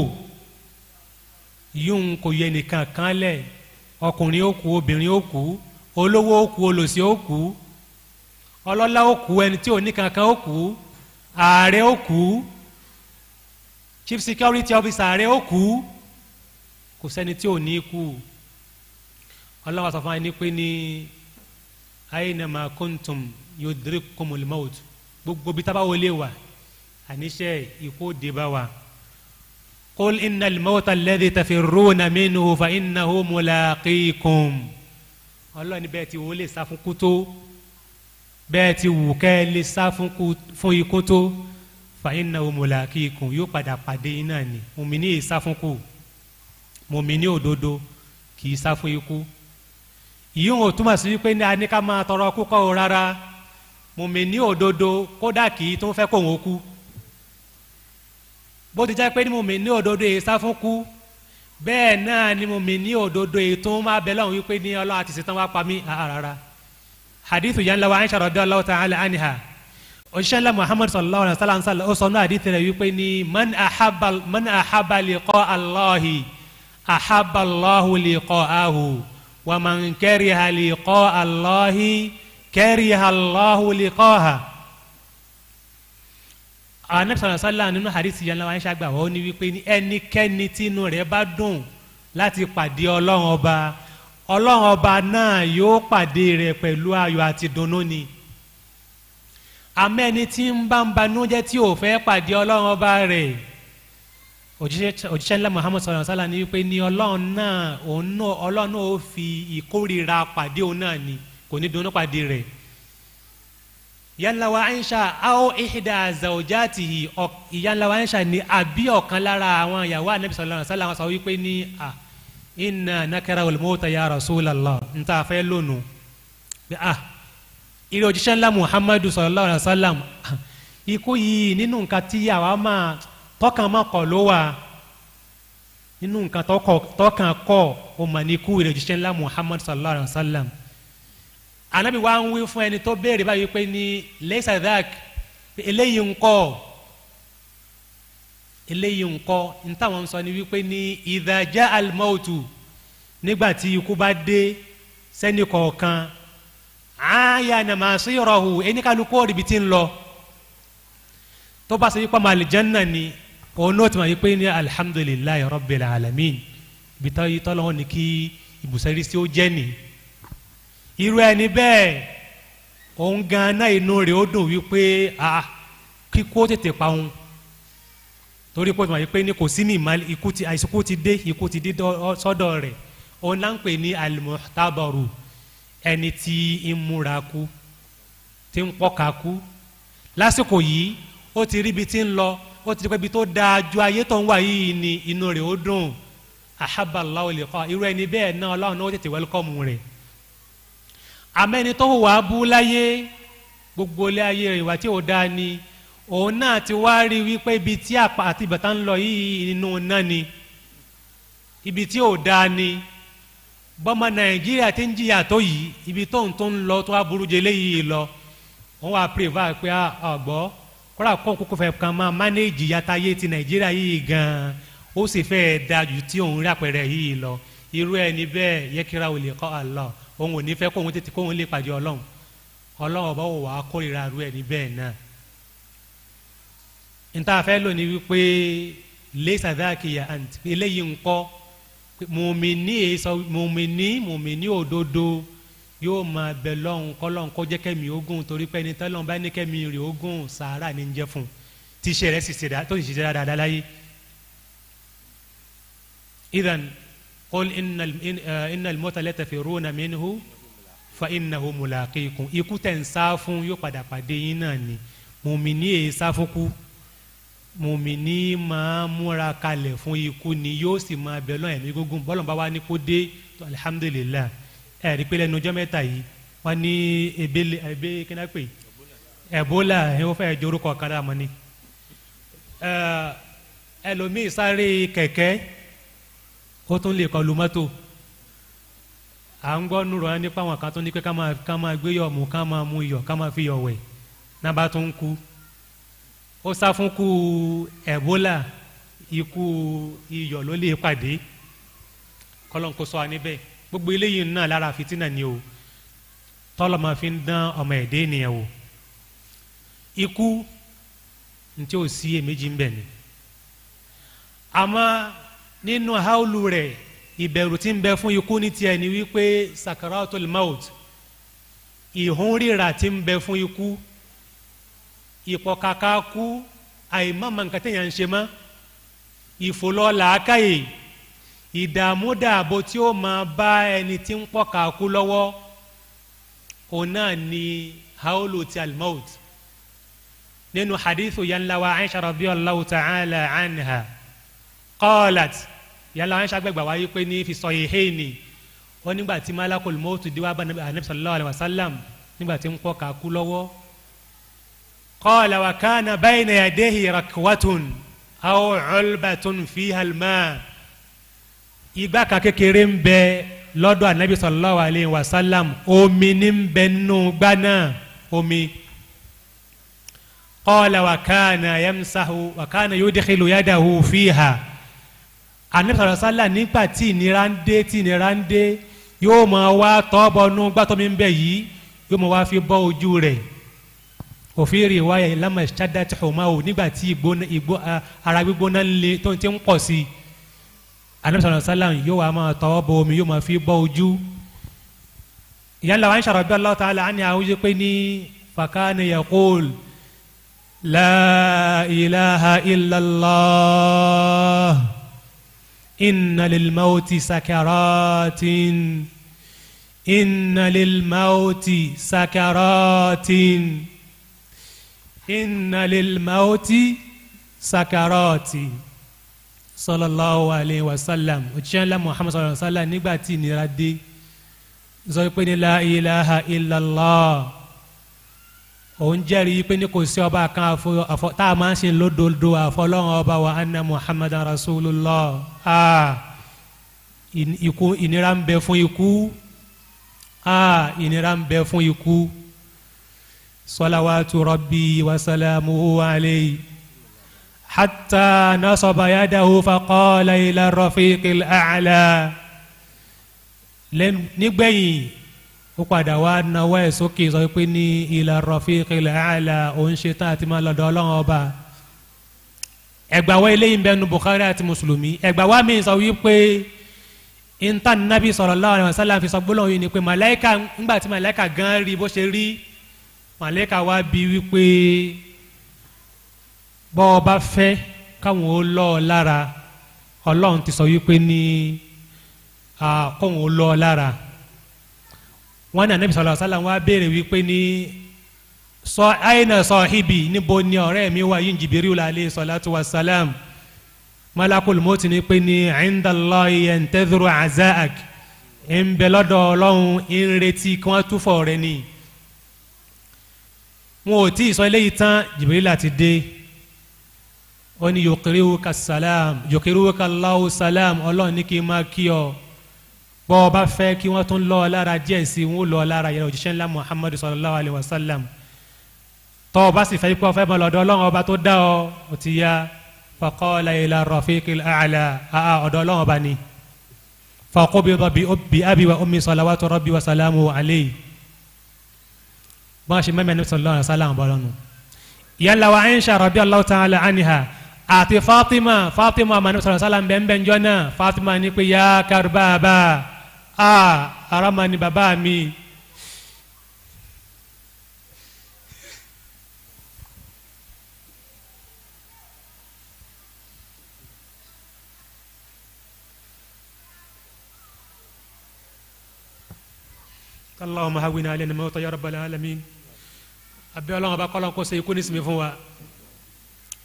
yíyún kò yẹ nìkan kan lẹ̀ ọkùnrin ó kú obìnrin ó kú olówó ó kú olòṣì ó kú ọlọ́lá ó kú ẹni tí ò ní kankan ó kú ààrẹ ó kú chief security officer ààrẹ ó kú kò sẹ́ni tí ò ní kú ọlọ́wọ́ sọ fún wa ni pé ní aynama kuntum yudrikkumul maut gbogbo bí tábà wọlé wà àníṣe ikú dìbà wa. قل إن الموت الذي تفرون منه فإنه ملاقيكم Ọlọ́run ní bẹ́ẹ̀ ti wò lè sá fún kú tó bẹ́ẹ̀ ti wù kẹ́ lè sá fún ikú tó فإنه ملاقيكم yóò padà pàdé yín náà ni mùmíní yìí sá fún kú mùmíní òdodo kì í sá fún ikú yìí ò túmọ̀ sí wípé ní a ní ká máa tọrọ kú kọ́ o rárá mùmíní òdodo kódà kì í tún fẹ́ kóhun ó kú bó ti jẹ́ pé ní mo mì ní òdodo yìí sá fún kú bẹ́ẹ̀ náà ni mo mì ní òdodo yìí tó ń máa bẹ lọ́hùn wípé ní ọlọ́run àti ṣetán wá pa mí rárá hadithu yẹn lọ́wọ́ Aisha radiyallahu ta'ala anha òṣìṣẹ́ ńlá Muhammad sallallahu alayhi wa sallam sallam ó sọ náà hadith rẹ̀ wípé ní man ahabba man Allahi ahabba Allahu liqa'ahu wa man kariha liqa Allahi kariha Allahu liqa'ahu anabi sọlá sọlá nínú hadisi yẹn lọ́wọ́ ayéṣà gbà wọ́n wípé ní ẹnikẹ́ni tí inú bá dùn láti pàdé ọlọ́run ọba ọlọ́run ọba náà yóò pàdé rẹ̀ pẹ̀lú ayọ̀ àti dunnú ni amẹ́ni tí ń bá ń banújẹ́ tí ò fẹ́ pàdé ọlọ́run ọba rẹ̀ òjíṣẹ́ ńlá Muhammad sọlá sọlá ní wípé ní ọlọ́run náà òun náà ọlọ́run náà ó fi ìkórìíra pàdé òun náà ni kò ní dunnú pàdé rẹ̀ yàlla wa aisha aw ihda zawjatihi ìyànlá wa aisha ni àbí ọ̀kan lára àwọn ìyàwó anabi sallallahu alaihi wasallam sọ wípé ní à ah, inna nakara olùmọ́tò ya rasulallah n ta fẹ́ lónìí bí à ìrẹ òjíṣẹ́ ńlá muhammadu sallallahu alaihi wasallam ah, ikú yìí nínú nǹkan tí àwa máa tọkàn máa kọ ló wà nínú nǹkan tọkàn kọ ọmọ ní ikú ìrẹ òjíṣẹ́ ńlá muhammadu sallallahu alaihi wasallam anabi wa ń wí fún ẹni tó béèrè báyìí pé ní lẹ́sà dak eléyìí ń kọ́ eléyìí ń kọ́ ní táwọn ń sọ ni wípé ní ìdájá alimọ́ọ̀tù nígbà tí ikú bá dé sẹ́ni kọ̀ọ̀kan àáyá nàmásí rọ̀hù ẹnìkanukú òrìbí ti ń lọ tó bá sọ wípé màlìjánná ni òun náà ti mọ̀ wípé ní alihamudulilayi rabbil alamin ibi tó yí tọ́lọ́wọ́n ni kí ibùsọ̀rí sí ó jẹ́ nìyí irú ẹni bẹ́ẹ̀ òun gan náà inú rẹ̀ ó dùn wípé a kíkó tètè pa òun torí pé màá pé ní kò sí ní ìmọ̀lẹ́ ikú ti àìsíkú ti dé ikú ti dé sọ́dọ̀ rẹ̀ òun náà ń pè ní alimọ̀tàbọ̀rù ẹni tí ń múra kú tí ń pọ́ka kú lásìkò yìí ó ti rí ibi tí ń lọ ó ti rí pé ibi tó dáa ju ayé tó ń wà yìí ni inú rẹ̀ ó dùn ahabalawolekọ irú ẹni bẹ́ẹ̀ náà ọlọ́run náà ó tètè wẹ́lkọ́mù rẹ̀ amẹ́ni tó hùwà bú láyé gbogbo ilé ayé rẹ̀ ìwà tí ò dáa ni òun náà ti wá rí wípé ibi tí àpá àti bàtà ń lọ yìí inú náà ni ibi tí ò dáa ni bọ́mọ nàìjíríà ti ń jìyà tó yìí ibi tó ń tó ń lọ tó aburú jẹlé yìí lọ wọ́n wá pè fáà pé ọ̀gbọ́ ah, kọ́ra kọ́ kókó fẹ́ kan máa mánéèjì yàtayé ti nàìjíríà yìí gan ó sì fẹ́ dájú tí òun rí àpẹẹrẹ yìí lọ irú ẹni bẹ́ẹ̀ yẹ kíra ò kọ́ Allah òun ò ní fẹ́ kóun tètè kóun lè pàdé ọlọ́run ọlọ́run ọba ò wá kórìíra ru ẹni bẹ́ẹ̀ náà níta fẹ́ lónìí wípé lẹ́sà dákìyà àǹtí eléyìí ń kọ́ mùmíní èso mùmíní mùmíní òdodo yóò máa bẹ lọ́hùn kọ́lọ́hùn kó jẹ́ kẹ́mi ogún torí pé ẹni tọ́lọ́hùn bá ní kẹ́mi rè ogún sàárà ní jẹ́ fún un rẹ̀ sì ṣe dáadáa láyé. idan قل إن إن الموت لا تفرون منه فإنه ملاقيكم ikú tẹ̀ ń sá fún yóò padà pàdé yín náà ni mùmíní èyí sá fúnkú mùmíní máa múra kalẹ̀ fún ikú ni yóò sì máa bẹ̀ lọ́yìn ní gúngún bọ́lọ̀ bá wá ní kó dé alihamudulilayi ẹ̀rí pé lẹ́nu ọjọ́ mẹ́ta yìí wọ́n ní ebe kíná pè Ebola ẹ̀hún fẹ́ẹ́ jorúkọ kan láàmú ni ẹlòmíì sáré kẹ̀kẹ́ ó tún lè kọlu mọ́tò à ń gbọ́ nùrọ̀ ẹ nípa àwọn kan tó ní pé ká máa gbé yọ̀ mú ká máa mú iyọ̀ ká máa fi yọ̀ wẹ̀ náà bá tún kú ó sá fún kú ẹ̀bólà ikú iyọ̀ ló lè pàdé kọ́lọ́nkó sọ wa níbẹ̀ gbogbo eléyìí náà lára fìtínà ni o tọ́lọ̀ máa fi ń dán ọmọ ẹ̀dẹ́ ènìyàn wò ikú ntí ò sí èméjì ń bẹ̀ ni àmọ́ nínú haúlù rẹ̀ ìbẹ̀rù tí ń bẹ fún ikú ní tiẹ̀ ni wípé sakaratul maut ìhúnríra tí ń bẹ fún ikú ìpọ̀kàkà kú àìmọ̀mọ̀ nǹkan téèyàn ń ṣe mọ́ ìfòlọ́ làákàyè ìdààmú dààbò tí ó máa bá ẹni tí ń pọ̀kà kú lọ́wọ́ òun náà ni haúlù ti almaut nínú hadithu yanlawa aisha radiyallahu ta'ala anha qalat ìyáàlá Àìṣà gbẹgbà wáyé pé ní fi sọ ìhé ni wọn nígbà tí malakul mọ́tò dé wá bá anabi sallallahu alayhi wa sallam nígbà tí ń kọ́ ká kú lọ́wọ́ qala wa kana bayna yadayhi rakwatun aw ulbatun fiha al igbá kan kékeré ń bẹ lọ́dọ̀ anabi sallallahu alayhi wa sallam omi ní ń bẹ nínú gbaná omi qala wa kana yamsahu wa kana yudkhilu yadahu fiha anabisala sálà nígbà tí ìnira ń dé tí ìnira ń dé yóò máa wá tọ́ bọnú gbàtọ́ mi ń bẹ̀ yìí yóò máa wá fi bọ́ ojú rẹ̀ òfin rè wáyà ìlànà ìṣáda tí o máa wò nígbà tí ìgbó ara gbígbóná ń le tó ti ń pọ̀ sí i anabisala sálà yóò wá máa tọ́ bọ omi yóò máa fi bọ́ ojú ìyáńlá wa ń ṣàròbí Allah ta'ala á ní àwọn ojú pé ní fakana yaqul la ilaha illallah. إن للموت سكرات إن للموت سكرات إن للموت سكرات صلى الله عليه وسلم òjíṣẹ́ ńlá Muhammad صلى الله عليه وسلم nígbà tí ìnira dé sọ pé ní la ilaha illallah òun jẹ́rìí pé ní kò sí ọba kan àfọ tá a máa ń sin lódodo àfọlọ́run ọba wa anna muhammadan rasulullah aa ah, ikú ìnira ń bẹ fún ikú aa ah, ìnira ń bẹ fún ikú salawatu rabbi wa alayhi hatta nasaba yadahu faqala ila rafiqil a'la lẹ́nu nígbẹ̀yìn ó padà wá nawọ́ ẹ̀ sókè sọ pé ní ila rafiqil a'la òun ṣe tá àti máa lọ́dọ̀ ọlọ́run ọba ẹgbàwọ́ eléyìí bẹ́ẹ̀ nu Bukhari àti mùsùlùmí ẹgbàwọ́ mi sọ wípé intan nabi sallallahu alaihi wasallam fi sọ gbólóhùn yìí ni pé màláìka ńgbà tí màláìka gan rí bó ṣe rí màláìka wá bi wípé bọ́ ọ bá fẹ́ káwọn ó lọ́ ọ lára ọlọ́run ti sọ wípé ní kóun ó lọ́ ọ lára wọn ní anabi sallallahu alaihi wasallam wá béèrè wípé ní sọ àyìnà sahibi níbo ni ọ̀rẹ́ mi wà yín Jibril alayhi salatu wassalam malakul mọ́tì ni pé ní indallahi yantadhiru azaak ń bẹ lọ́dọ̀ ọlọ́run ń retí kí wọ́n túfọ̀ rẹ ni wọn ò tí ì sọ eléyìí tán Jibril àti dé ó ní yuqri'uka salam yuqri'uka Allahu salam ọlọ́run ní kí n máa kí ọ bọ́ ọ bá fẹ́ kí wọ́n tún lọ́ ọ lára díẹ̀ sí i wọ́n lọ́ ọ lára yẹn òjíṣẹ́ ńlá muhammadu sallallahu alayhi wa sallam tọ́ ọ bá sì fẹ́ kí wọ́n fẹ́ mọ́ lọ́dọ̀ ọlọ́run ọba tó dá ọ ó ti ya faqala ila rafiqil a'la àà ọ̀dọ̀ ọlọ́run ọba ni faqubida bi abi wa ummi salawatu rabbi wa salamu alayhi bọ́n ṣe mẹ́mẹ́ ní sallallahu alayhi bọ́lọ́nu yálà wa aisha radiyallahu ta'ala anha àti fatima fatima ọmọ ní sallallahu alayhi wa sallam bẹ́ẹ̀ bẹ́ẹ̀ jọ́nà fatima ní pé yá karbaba. ah Arama ni bàbá mi. اللهم هون علينا الموت يا رب العالمين àbí ọlọ́run bá kọ́lọ́n kó ṣe ikú nísìmí fún wa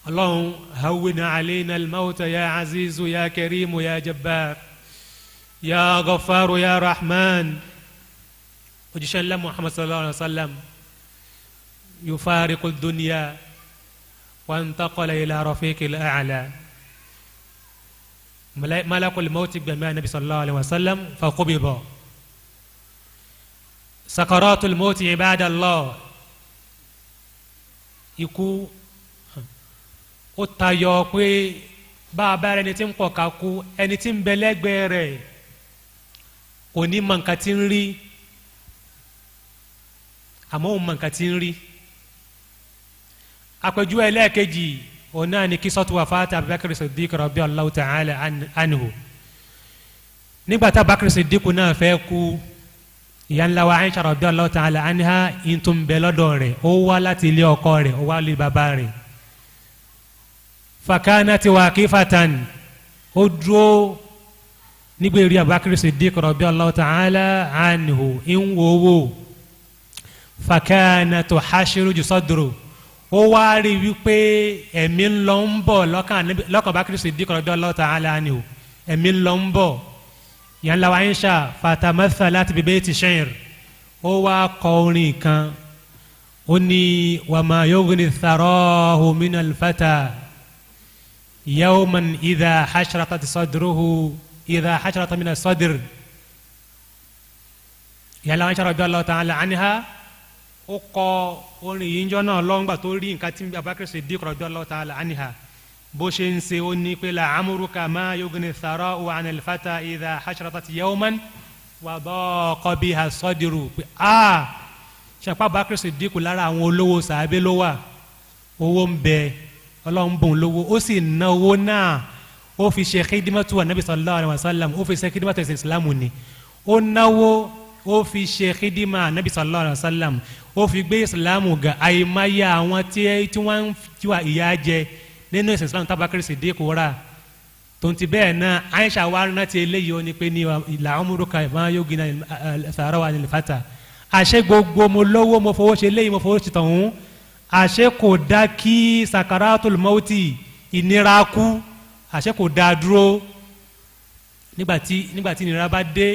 ọlọ́run hawwin alaina almauta ya azizu ya karimu ya jabbar. يا غفار يا رحمن òjíṣẹ́ ńlá muhammad sallallahu alayhi wa sallam yufariqu dunya wa intaqala ila rafiqil a'la malakul mawti gbẹ̀mí anabi sallallahu alayhi wa sallam fakubibọ sakaratul mawti ibadallah ikú ó tayọ pé bá a bá ẹni tí ń pọ̀ ká ẹni tí ń bẹ lẹ́gbẹ̀ẹ́ rẹ̀ kò ní mọ nǹkan tí ń rí àmọ́ òun mọ nǹkan tí ń rí àpèjúwe ẹlẹ́ẹ̀kejì òun náà ni kisọ́tù wàfáàtà abubakar sadiq rabi allahu ta'ala anhu nígbà tá abubakar sadiq náà fẹ́ kú ìyá ńlá wa aisha rabi allahu ta'ala anha ìtún bẹ lọ́dọ̀ rẹ̀ ó wá láti ilé ọkọ rẹ̀ ó wá lé bàbá rẹ̀ fakana ti wàkífàtàn ó dúró nígbà eré abakiri Siddiq radiyallahu ta'ala anhu ń wò wò fakana tó hashiru jù sọdúró ó wá rí wípé ẹ̀mí ń lọ ń bọ̀ lọ́kàn abakiri Siddiq radiyallahu ta'ala anhu ẹ̀mí ń lọ ń bọ̀ yẹn la wa ń ṣà fatamathalat bi bayti sha'r ó wá kọ orin kan ó ní wàmà yughni tharāhu minal fatā yawman idhā hashraqat sadruhu. إذا حشرت من الصدر يلا wọn ṣàròbí ọlọ́wọ́ tán là ánìhà ó kọ orin yìí njọ́ náà lọ́ngbà tó rí nǹkan tí Abubakar Siddiq kọ̀rọ̀bí ọlọ́wọ́ tán là ánìhà bó ṣe ń ṣe ó ní pé la amúrúkà má yógun sàrọ̀ wà ní ìfàtà ìdá hashrata ti yawman wà bọ́ ọkọ bí ha pé a ṣàpá Abubakar Siddiq lára àwọn olówó sàábé ló owó ń bẹ ọlọ́run bùn lówó ó sì ná owó náà ó fi ṣe khidimatu anabi sallallahu alayhi wa sallam ó fi ṣe khidimatu ẹ̀sìn islam ni ó náwó ó fi ṣe khidima anabi sallallahu alayhi wa sallam ó fi gbé islam ga àyèmáyà àwọn tí wọ́n ń tiwa ìyá jẹ nínú ẹ̀sìn islam tabakiri Siddiq rà tonti bẹ́ẹ̀ náà Aisha wa rántí eléyìí ó ni pé ní ìlà ọmọdúnkà máa yóò gina sàárà wa nílẹ̀ fata àṣẹ gbogbo mo lówó mo fowó ṣe eléyìí mo fowó ṣe tọ̀hún àṣẹ kò dá kí sakaratul mauti ìnira kú àṣẹ kò dáa dúró nígbà tí nígbà tí ìnira bá dé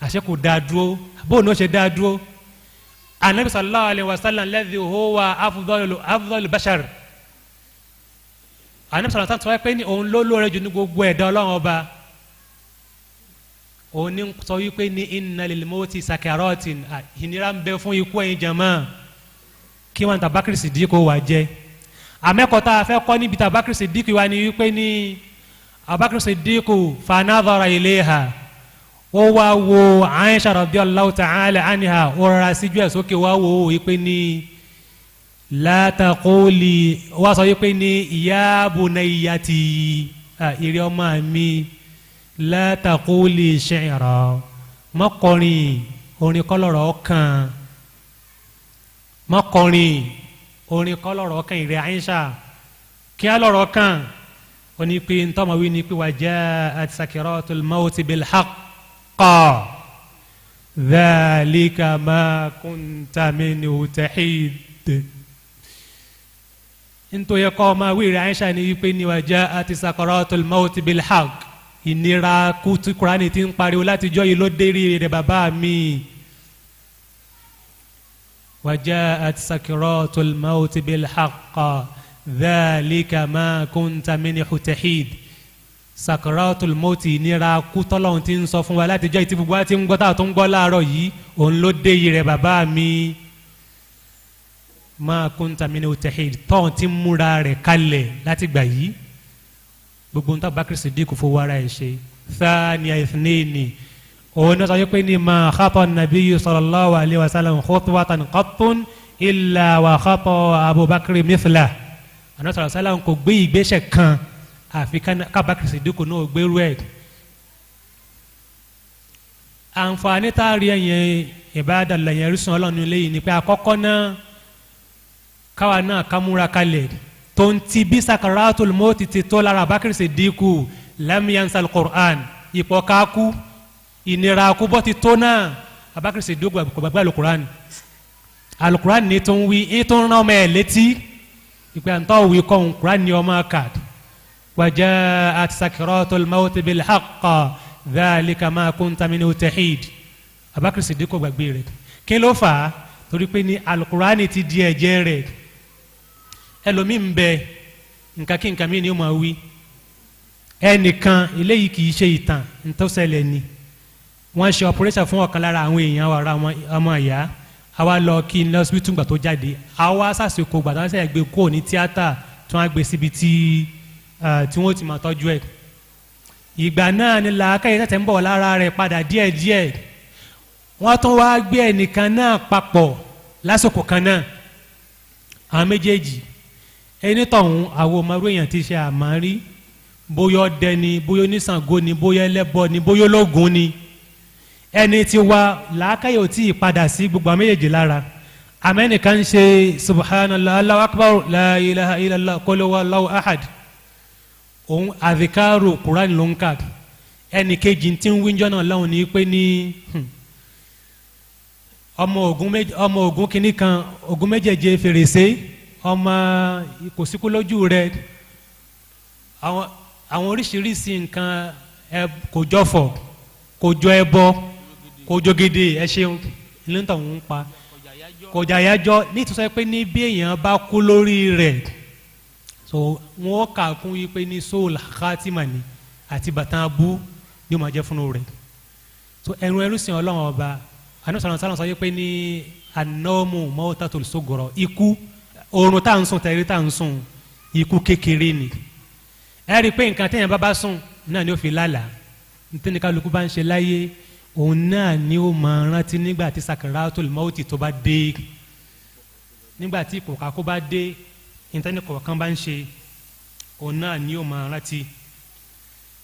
àṣẹ kò dáa dúró bóun náà ṣe dáa dúró anabi sallallahu alayhi wa sallam alladhi huwa afdalu afdalu bashar anabi sallallahu alayhi wa sallam sọ pé ní òun ló lóore jù ní gbogbo ẹ̀dá ọlọ́run ọba òun ní sọ wípé ní inna lil mawti sakaratin ìnira ń bẹ fún ikú ẹ̀yin jama kí wọn tàbákìrì sì dín kó wà jẹ́ amẹ́kọ̀ọ́ta afẹ́ kọ́ níbi tí abakiri sidiki wa ni wípé ní abakiri sidiki fanadara ileha ó wá wo aisha radiyallahu ta'ala anha ó rọra síjú ẹ̀ sókè wá wo wípé ní látàkóòlì wá sọ wípé ní ya bunayati ìrẹ́ ọmọ mi látàkóòlì ṣẹ̀rọ mọ́kọrin orin kọ́lọ́rọ̀ kan mọ́kọrin orin kọ́ lọ́rọ̀ kan ìrẹ́ àyínṣà kí á lọ́rọ̀ kan ó ní pé ntọ́mọ̀ wí ni pé wà jẹ́ àtisakiratul mawti bil haqqa dhalika ma kunta minhu tahid nítorí ẹ̀kọ́ ọmọ awéèrè àyíṣà ni wípé ni wà jẹ́ àtisakiratul mawti bil haqq ìnira kú tí kúránì ti ń pariwo látijọ́ yìí ló dérí rẹ̀ bàbá mi. وجاءت سكرات الموت بالحق ذلك ما كنت منه تحيد سكرات الموت nira kú tọ́lọ́hún ti ń sọ fún wa láti jẹ́ ìtì gbogbo àti ń gbọ́ tá a tún gbọ́ láàárọ̀ yìí òun ló dé yìí rẹ̀ bàbá mi ma kunta minhu tahid tọ́hún ti múra rẹ̀ kalẹ̀ láti gbà yìí gbogbo ń tọ́ bákírísì dínkù fowó ara ẹ̀ ṣe thaniya ithnaini òun náà sọ pé ní ma khata nabiyyu sallallahu alayhi wa sallam khutwatan qattun illa wa khata abubakar mithla àná sọ̀rọ̀ sálàm kò gbé ìgbésẹ̀ kan àfi kábàkiri sìdíkù náà gbérú ẹ̀. àǹfààní tá a rí ẹ̀yìn ìbádàlẹ̀ yẹn rísun ọlọ́run lẹ́yìn ni pé àkọ́kọ́ náà káwa náà ká múra kalẹ̀ tó ń ti bí sakaratul mọ́tì ti tó lára abakiri sìdíkù lam yansal ìpọ́káku ìnira akúbọ́ ti tó náà abakirisi dógbà kò gbàgbé alukurani alukurani ni tó ń wí ní tó ń rán ọmọ ẹ̀ létí ìpè àǹtá òwe kọ́ ń kurani ọmọ kàd wàjà àti sakiratul mawti bil haqq dhalika ma kunta minhu tahid abakirisi dógbà gbàgbé rẹ̀ kí ló fà á torí pé ní alukurani ti di ẹ̀jẹ̀ rẹ̀ ẹlòmíì ń bẹ nǹkan kí nǹkan mi ni ó máa wí ẹnìkan eléyìí kì í ṣe ìtàn ntọ́sẹ̀lẹ̀ ni wọ́n ṣe operation fún ọ̀kan lára àwọn èèyàn wa ọmọ ìyá àwa lọ kí n lọ síbi tún gbà tó jáde àwa sàṣekò gbà tó wọ́n ṣẹ̀ṣẹ̀ gbé kó ní tíátà tí wọ́n gbé síbi tí wọ́n ti máa tọ́jú ẹ̀ ìgbà náà ni làákàyè tẹ̀tẹ̀ ń bọ̀ lára rẹ̀ padà díẹ̀díẹ̀ wọ́n tún wá gbé ẹnìkan náà papọ̀ lásìkò kan náà àwọn méjèèjì ẹni tọ̀hún àwọn ọmọrú èèyàn ti ṣe àmọ́ bóyá ọdẹ ni bóyá oníṣàngó ni bóyá ẹlẹ́bọ ni bóyá ológun ni. Boyo ẹni tí wa làákàyè ò tí ì padà sí gbogbo àwọn méjèèjì lára amẹ́nìkan ṣe subhanallah allahu akbar la ilaha illallah kolowa allahu ahad òun àdìkárò quran ló ń kà ẹnì kejì tí ń wíjọ náà láwọn ní pé ní hmm, ọmọ ogun ọmọ ogun kìíní kan ogun méjèèjì fèrèsé ọmọ kòsíkú lójú rẹ àwọn oríṣiríṣi nǹkan kò jọ fọ kò jọ ẹbọ. E kojogede ẹ ṣeun ilé ń tọ̀hún ń pa kọjá yájọ́ nítorí pé ní bí èèyàn bá kú lórí rẹ̀ so wọ́n kà kún yí pé ní soul khatima ni àti bàtàn abú ni ó máa jẹ́ fún rẹ̀ so ẹnu ẹrú sìn ọlọ́run ọba anusọ̀rọ̀ sálọ̀ sọ yí pé ní anọ́ọ̀mù mọ́wótá tó so gọ̀rọ̀ ikú oorun tá à ń sùn tẹ̀rí tá à ń sùn ikú kékeré ni ẹ rí i pé nǹkan téèyàn bá bá sùn náà ni ó fi lálàá ní tẹ́ni kálukú bá ń ṣe láyé òun náà ni ó máa rántí nígbà tí sakaratul mauti tó bá dé nígbà tí ìpòkàkó bá dé ìtẹ́ni kọ̀ọ̀kan bá ń ṣe òun náà ni ó máa rántí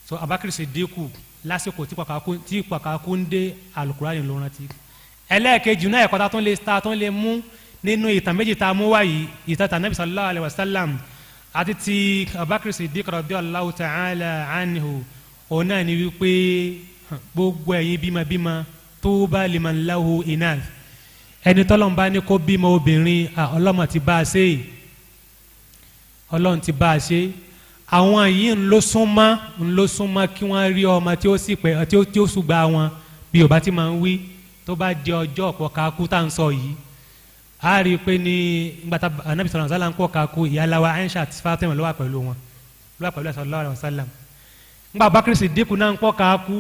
so abakiri sidiku lásìkò tí ìpàkàkó ń dé alukurani ló rántí ẹlẹ́ẹ̀kejì náà ẹ̀kọ́ta tó ń lè ta tó ń lè mú nínú ìtàn méjì tá a mú wáyé ìtàn tàn nàbì sallallahu alayhi wa sallam àti ti abakiri sidiku radiyallahu ta'ala anhu òun náà ni wípé gbogbo ẹ̀yin bímọbímọ tó bá liman lahu inath ẹni tọ́lọ́n bá ní kó bímọ obìnrin ọlọ́mọ ti bá a ṣe ọlọ́run ti bá a ṣe àwọn yìí ń ló súnmọ́ ń ló súnmọ́ kí wọ́n rí ọmọ tí ó sì pẹ́ tí ó tí ó ṣùgbà wọn bí yorùbá ti máa ń wí tó bá di ọjọ́ ọ̀pọ̀ kakú tá à ń sọ yìí a rí i pé ní ngbàtà anabi sọ̀rọ̀ sálà ń kọ́ kakú ìyáàlá wa aisha àti fatima ló wà pẹ̀lú wọn ló wà pẹ̀lú àṣà lọ́wọ́ àṣà sálà ngbà bakri sidiku náà ń kọ́ kakú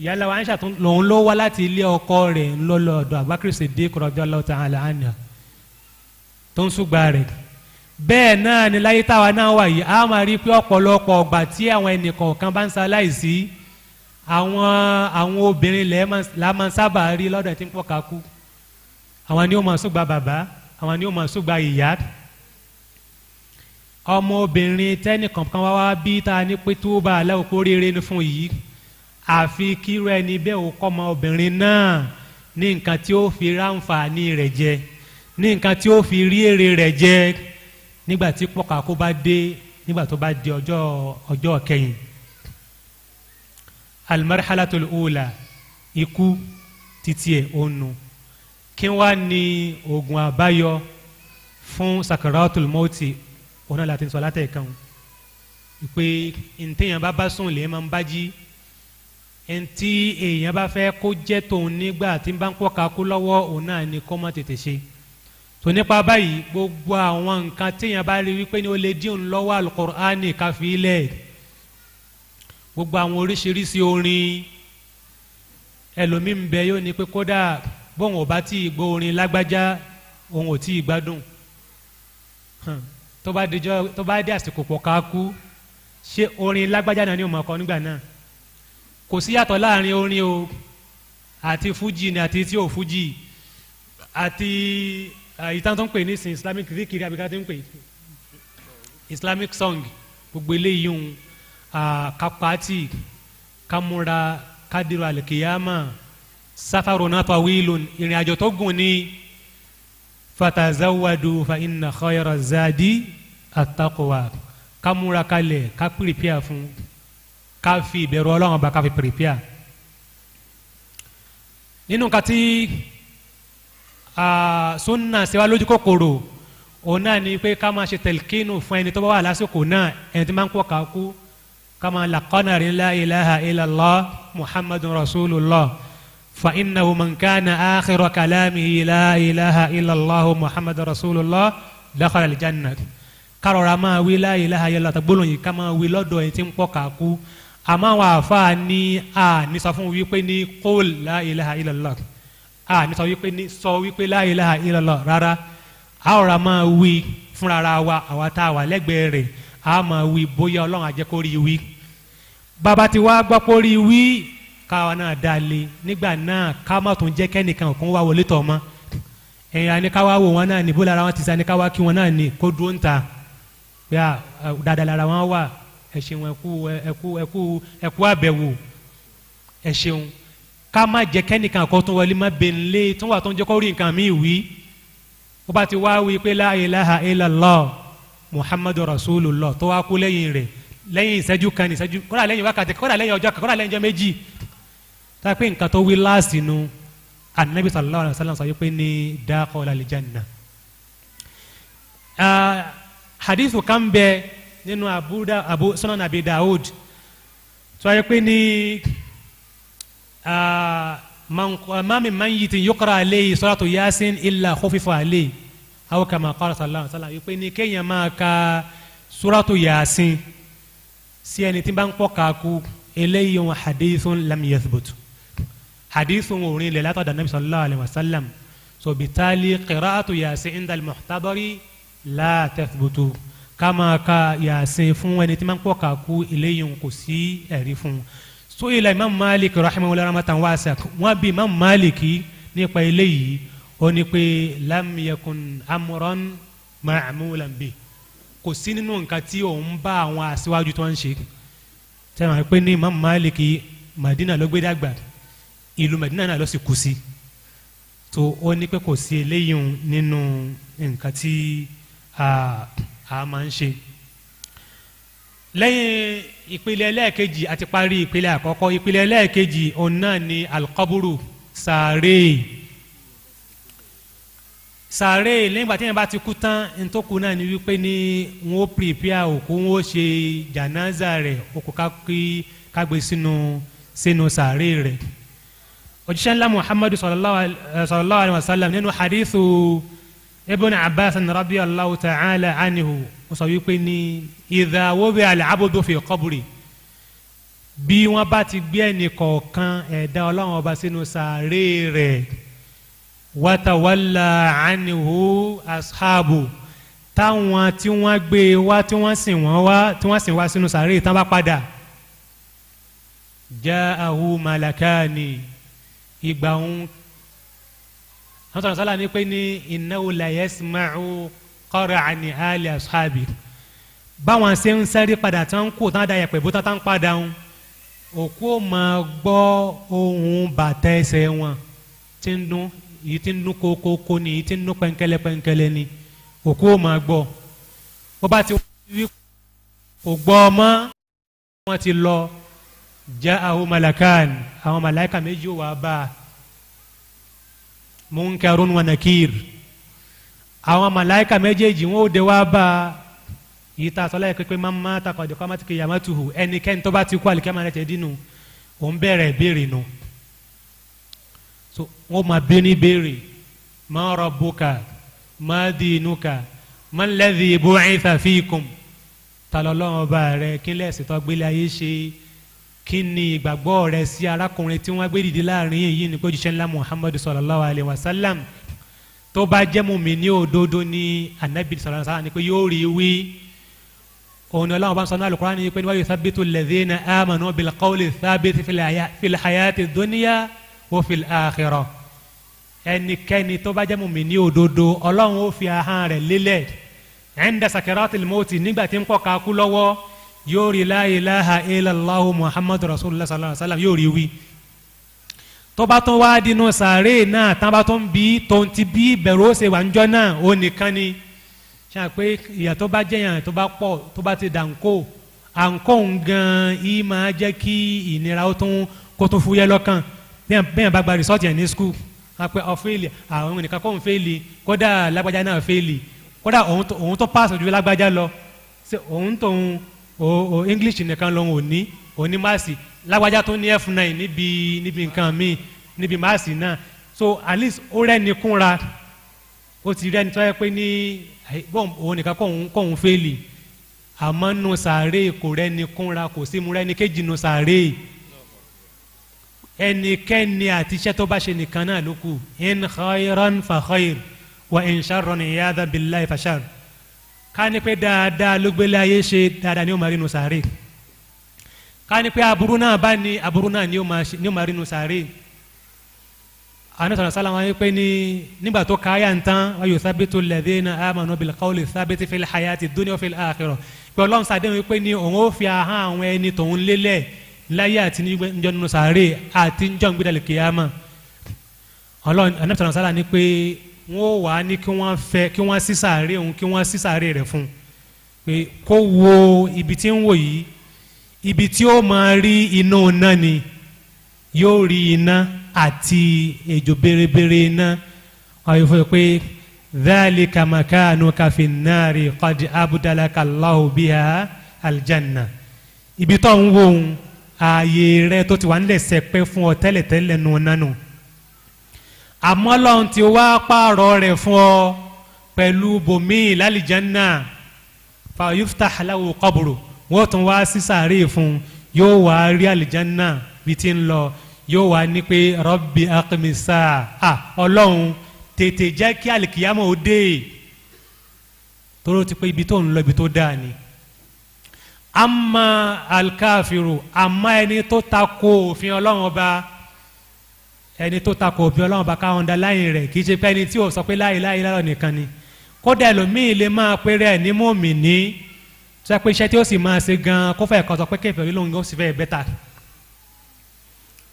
ìyálà wa Aisha lòun ló wá láti ilé ọkọ rẹ̀ ńlọlọ ọ̀dọ̀ Abubakar Siddiq radiyallahu ta'ala anhu tó ń súgbà rẹ̀ bẹ́ẹ̀ náà ni láyé táwa náà wà yìí a máa rí pé ọ̀pọ̀lọpọ̀ ọgbà tí àwọn ẹnìkan kan bá ń ṣaláìsí àwọn àwọn obìnrin la máa sábà rí lọ́dọ̀ tí ń pọ̀ kakú àwọn ni ó máa súgbà bàbá àwọn ni ó máa súgbà ìyá ọmọ obìnrin kan wá wá bí tá a pé tó bá aláwọ̀ rere ni fún yìí àfi kírú ẹni bẹ́ẹ̀ ò kọ́ ọmọ obìnrin náà ní nǹkan tí ó fi ráǹfààní rẹ̀ jẹ ní nǹkan tí ó fi rí èrè rẹ̀ jẹ nígbà tí pọ̀kà kó bá dé nígbà tó bá di ọjọ́ ọjọ́ kẹyìn almarhalatul ula ikú títí ẹ̀ ó nu kí wá ní oògùn àbáyọ fún sakaratul mọ́tì òun náà láti sọ látẹ̀ kan pé ntẹ̀yìn bá bá sùn lè máa ń bá jí ẹntì èèyàn bá fẹ́ kó jẹ́ tòun nígbà tí n bá ń pọ̀ kakú lọ́wọ́ òun náà ni kó má tètè ṣe tò nípa báyìí gbogbo àwọn nǹkan téèyàn bá rí wípé ni ó lè dín òun lọ́wọ́ alukur'ani káfí lẹ̀ gbogbo àwọn oríṣiríṣi orin ẹlòmíín bẹ yóò ní pé kódà bóun ò bá tí ì gbọ́ orin lágbájá òun ò tí ì gbádùn tó bá dé àsìkò pọ̀ kakú ṣé orin lágbájá náà ni ò mọ̀ ọkọ nígbà náà kò sí yàtọ̀ láàrin orin o àti fuji ni àti tí ò fuji àti ìtàn tó ń pè ní sin islamic zikiri àbíká tó ń pè islamic song gbogbo eléyìí ń kápátì kámúra kádìrò àlìkìyàmà sáfàrò náà tawilun ìrìn àjò tó gùn ní fatazawadu fa inna zadi attaqwa kámúra kalẹ̀ ká pìrìpìà fún un ká fi ìbẹ̀rù ọlọ́run ọba ká fi pèrèpìà nínú nǹkan tí sunna ṣe wá lójú kòkòrò òun náà ni pé ká máa ṣe tẹ̀lkínù fún ẹni tó bá wà lásìkò náà ẹni tó máa ń kó ọ̀ka kú ká máa làkọ́nà rí la ilaha illallah muhammadun rasulullah fa innahu man kana akhira kalamihi ilaha illallah muhammadun rasulullah dakhala aljanna kárọ̀ra máa wí la ilaha illallah tàgbólóyìn ká máa wí lọ́dọ̀ ẹni tí ń kó ọ̀ka àmọ́ àwọn àáfàá ní a ní sọ fún wípé ní kóòl la ilaha illallah a ní sọ wípé ní sọ wípé la ilaha illallah rárá a ò ra máa wí fúnra wa àwa tá a wà lẹ́gbẹ̀ẹ́ rẹ̀ a máa wí bóyá ọlọ́run àjẹkórí wí bàbá tí wàá gbọ́ kórí wí káwa náà dalè nígbà náà ká má tún jẹ́ kẹ́nìkan òkun wá wọlé tọ̀ mọ́ ẹ̀yìn àníkáwá wò wọn náà ní bó lára wọn ti sá àníkáwá kí wọn náà ní kó dúró ń ta dáadáa lára wọn wà ẹ ṣeun ẹkú ẹkú ẹkú ẹkú àbẹ̀wò ẹ ṣeun ká má jẹ kẹ́nìkan kọ́ tó wọlé má bẹ̀ẹ́lẹ́ tó wà tó ń jẹ́ kó rí nǹkan mi wí ó bá ti wá wí pé la ilaha illallah muhammadu rasulullah tó wá kú lẹ́yìn rẹ̀ lẹ́yìn ìṣẹ́jú kan ìṣẹ́jú kọ́ra lẹ́yìn wákàtí kọ́ra lẹ́yìn ọjọ́ kan kọ́ra lẹ́yìn ọjọ́ méjì tá a pé nǹkan tó wí láàsì nu anabi sallallahu alayhi wa sallam sọ yìí pé ní dakhala al-janna ah, hadithu kan bẹ́ẹ̀ nínú abuda abu sunan abi daud tó yẹ pé ní mami ah, man yi ti yukra alayhi suratu yasin illa khufifa alayhi aw kama qala sallallahu alaihi wasallam yẹ pé ní kéèyàn máa ka suratu yasin sí ẹni tí bá ń pọ̀ kaaku eléyìí wọn hadithun lam yathbut hadithun wọn orin ilẹ̀ látọ̀dọ̀ nabi sallallahu alaihi wasallam so bitali qira'atu yasin inda al-muhtabari la tathbutu ká máa ka yàsín fún ẹni tí máa ń pọ̀ ká kú eléyìí kò sí ẹ̀rí fún so ilà imam malik rahimahullah rahmatan wasi'a wọn bí imam malik nípa eléyìí ó ní pé lam yakun amran ma'mulan bi kò sí nínú nǹkan tí òun bá àwọn aṣíwájú tó ń ṣe tẹ́lẹ̀ pé ní imam malik madina ló gbé dàgbà ìlú madina náà ló sì kú sí tó ó ní pé kò sí eléyìí nínú nǹkan tí. Uh, a máa ń ṣe lẹ́yìn ìpele ẹlẹ́ẹ̀kejì àti parí ìpele àkọ́kọ́ ìpele ẹlẹ́ẹ̀kejì òun náà ni alukọ́búrú sàárè sàárè lẹ́yìn ìgbà tí yẹn bá ti kú tán ntòkù náà ni wípé ni wọ́n pìrìpìà òkú wọ́n ṣe jànáza rẹ̀ òkú kágbé sínú sínú sàárè rẹ̀ òjíṣẹ́ ńlá muhammadu sallallahu alayhi wa sallam nínú hadithu. Ibn Abbas radiyallahu ta'ala anhu ó sọ wípé ní idha wubi'a al-'abdu fi qabri bí wọ́n bá ti gbé ẹnì kọ̀ọ̀kan ẹ̀dá Ọlọ́run ọba sínú sàárè rẹ̀ watawalla anhu ashabu táwọn tí wọ́n gbé e wá tí wọ́n sìn wọ́n wá tí wọ́n sìn wá sínú sàárè tán bá padà ja'ahu malakani ìgbà òun sọ́tọ̀ sọ́lá ní pé ní innahu la yasma'u qara'ani ali ashabi báwọn ṣe ń sẹ́rí padà tí wọ́n ń kó tán dá yẹpẹ̀ bó tán padà ń òkú ò máa gbọ́ ohun bàtà ẹsẹ̀ wọn tí ń dún yìí tí ń dún kókókó ni yìí tí ń dún pẹ́ńkẹ́lẹ́ pẹ́ńkẹ́lẹ́ ni òkú máa gbọ́ bó bá ti wí kò gbọ́ ọmọ wọn ti lọ jẹ́ àwọn malakan àwọn malaika méjì wà bá a munkarun wa nakir àwọn màláìka méjèèjì wọn ò dé wá bá a yìí tá a sọ láyé pé máa má takọ̀ ọ̀dẹ̀ kọ́ máa ti kì í yàmá tuhù ẹnikẹ́ni tó bá ti kú àlìkẹ́ máa dínú òun bẹ̀rẹ̀ béèrè nu so wọn máa bí ní béèrè ma rabbuka ma dinuka man ladhi bu'itha fikum tàlọ́lọ́wọ́n bá rẹ̀ kílẹ̀ sí gbélé ayé ṣe é kí ni ìgbàgbọ́ rẹ sí arákùnrin tí wọ́n gbé dìde láàrin yìí ni pé jíṣẹ́ ńlá muhammadu sallallahu alayhi wa sallam tó bá jẹ́ mùmínì òdodo ni anabi sallallahu alayhi wa sallam ni pé yóò rí wí òun ni ọlọ́run bá ń sọ ní al-Qur'an ni pé wa yuthabbitu alladhina amanu bil qawli thabiti fil hayati dunya fil akhirah ẹnikẹ́ni tó bá jẹ́ mùmínì òdodo ọlọ́run ó fi ahọ́n rẹ̀ lélẹ̀ inda ń pọ̀ kakú yóò rí la ilaha illallahu muhammadu rasulillah sallallahu alaihi wa sallam yóò rí wí tọ́ba tó wá dínú sàárè náà tábà tó ń bí tóun ti bí bẹ̀rù ó ṣe wà ń jọ náà ó nìkan ni ṣáà pé ìyà tó bá jẹ̀yàn tó bá pọ̀ tó bá ti dànkó àǹkó gan yìí máa jẹ́ kí ìnira ó tún kó tún fúyẹ́ lọ́kàn bẹ́ẹ̀ bá gba rìsọ́ọ̀tì ẹ̀ ní skul wọ́n ọ̀fẹ́lì àwọn nìkan kọ́ òun fẹ́lì kódà lágbájá náà fẹ́lì kódà òun tó pàṣẹ ju lágbájá lọ òun tóun o o english nìkan lòun ò ní òní máàsì lágbájá tó ní f nine níbi níbi nǹkan míì níbi máàsì náà so at least ó rẹ́ni kúnra ó ti rẹ́ni tó yẹ pé ní bọ́ọ̀n òun nìkan kóun kóun fẹ́lì àmọ́ nù sàárè kò rẹ́ni kúnra kò sí mu rẹ́ni kéjì nù sàárè ẹnikẹ́ni àti iṣẹ́ tó bá ṣe nìkan náà ló kù in khayran fa khayr wa in sharran iyadha fa sharr ká ní pé dáadáa ló gbélé ayé ṣe dáadáa ni ó máa rí nu sàárè ká ní pé aburú náà bá ní aburú náà ni ó máa rí nu sàárè anasọ̀rọ̀ sálà wọn pé ní nígbà tó káyà ń tán wáyò sábẹ́tò lẹ́dẹ́nà amanu bil qawli sábẹ́tì fil hayati dunya wa fil akhirah pé ọlọ́run sàdéhùn pé ní òun ó fi ahọ́n àwọn ẹni tòun lélẹ̀ láyé àti níjọ́ nínú sàárè àti níjọ́ gbéra lè kíyàmá ọlọ́run anasọ̀rọ̀ sálà ní pé wọ́n wà á ní kí wọ́n fẹ́ kí wọ́n sí sàárè òun kí wọ́n sí sàárè rẹ̀ fún un pé kó wo ibi tí ń wò yìí ibi tí ó máa rí iná iná ni yóò rí iná àti ejò bèrèbèrè iná ọ̀yọ̀fọ̀ pé dhalika makanuka fin nari qad abdalaka Allahu biha aljanna ibi tó ń wò ń ààyè rẹ tó ti wà ń lẹ̀ sẹ́pẹ́ fún ọ tẹ́lẹ̀tẹ́lẹ̀ nù nánu. No, no àmọ́ ọlọ́run ti wá pààrọ̀ rẹ̀ fún ọ pẹ̀lú bòmíì lálìjánná fàyúfútà aláwo kọ́bùrù wọ́n tún wá sí sàárè fún yóò wá rí àlìjánná bí ti ń lọ yóò wá ní pé rọ́bì akimisa à ọlọ́run tètè jẹ́ kí àlìkìyàmọ̀ ó dé tóró ti pé ibi tó ń lọ ibi tó dáa ni ama alikafiru ama ẹni tó ta ko òfin ọlọ́run ọba ẹni tó takò òbí ọlọ́run bá ká underline rẹ̀ kì í ṣe pé ẹni tí ò sọ pé láyé láyé lọ́rọ̀ nìkan ni kódà ẹlòmíì lè máa pé rẹ̀ ní mòmìnì tó yẹ pé iṣẹ́ tí ó sì máa ṣe gan kó fẹ́ kọ́ sọ pé kéfì olóhùn ó sì fẹ́ bẹ́tà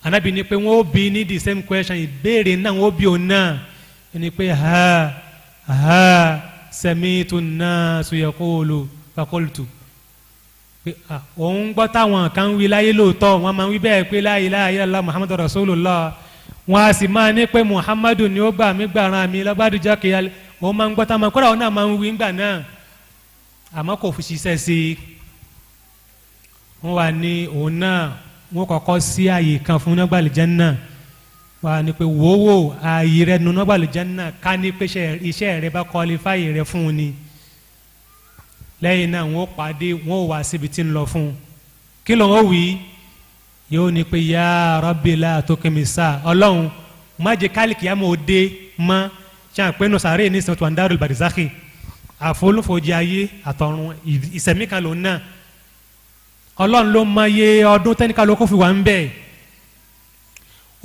ànábì ni pé wọ́n ó bi ní the same question ìbéèrè náà wọ́n ó bi òun náà ẹni pé ha ha sẹ́mi tó náà sòyẹ kó o lò fakọ́lùtù pé òun gbọ́ táwọn kan wí láyé lóòótọ́ wọ́n máa wí bẹ́ẹ̀ pé láyé láyé lọ́la Muhammadu Rasulullah wọn a sì máa ní pé muhammadu ni ó gbà mí gbàràn mi lọ́bàdújọ́ kìyàlẹ́ òun máa ń gbọ́ táwọn kódà òun náà máa ń wí ńgbà náà àmọ́ kò ṣiṣẹ́ sí i wọ́n wà ní òun náà wọ́n kọ́kọ́ sí ààyè kan fún nọ́gbàlejẹ́ náà wà ní pé wòówò ààyè rẹ nu nọ́gbàlejẹ́ náà ká ní pé iṣẹ́ rẹ bá kọ́lifáyè rẹ fún un ni lẹ́yìn náà wọ́n pàdé wọ́n wà síbi tí ń lọ fún un kí lóun ó wí yóò ní pé ya rabbi la tukimisa ọlọ́run má jẹ́ kálíkì yá mo dé mọ́ ṣáà pé nù sàárè ní sèwọ́n tó ń dárò barzakhi àfolúfojì ayé àtọ̀run ìsẹ̀mí kan lòun náà ọlọ́run ló mọ iye ọdún tẹ́nìkan ló kó fi wà ń bẹ̀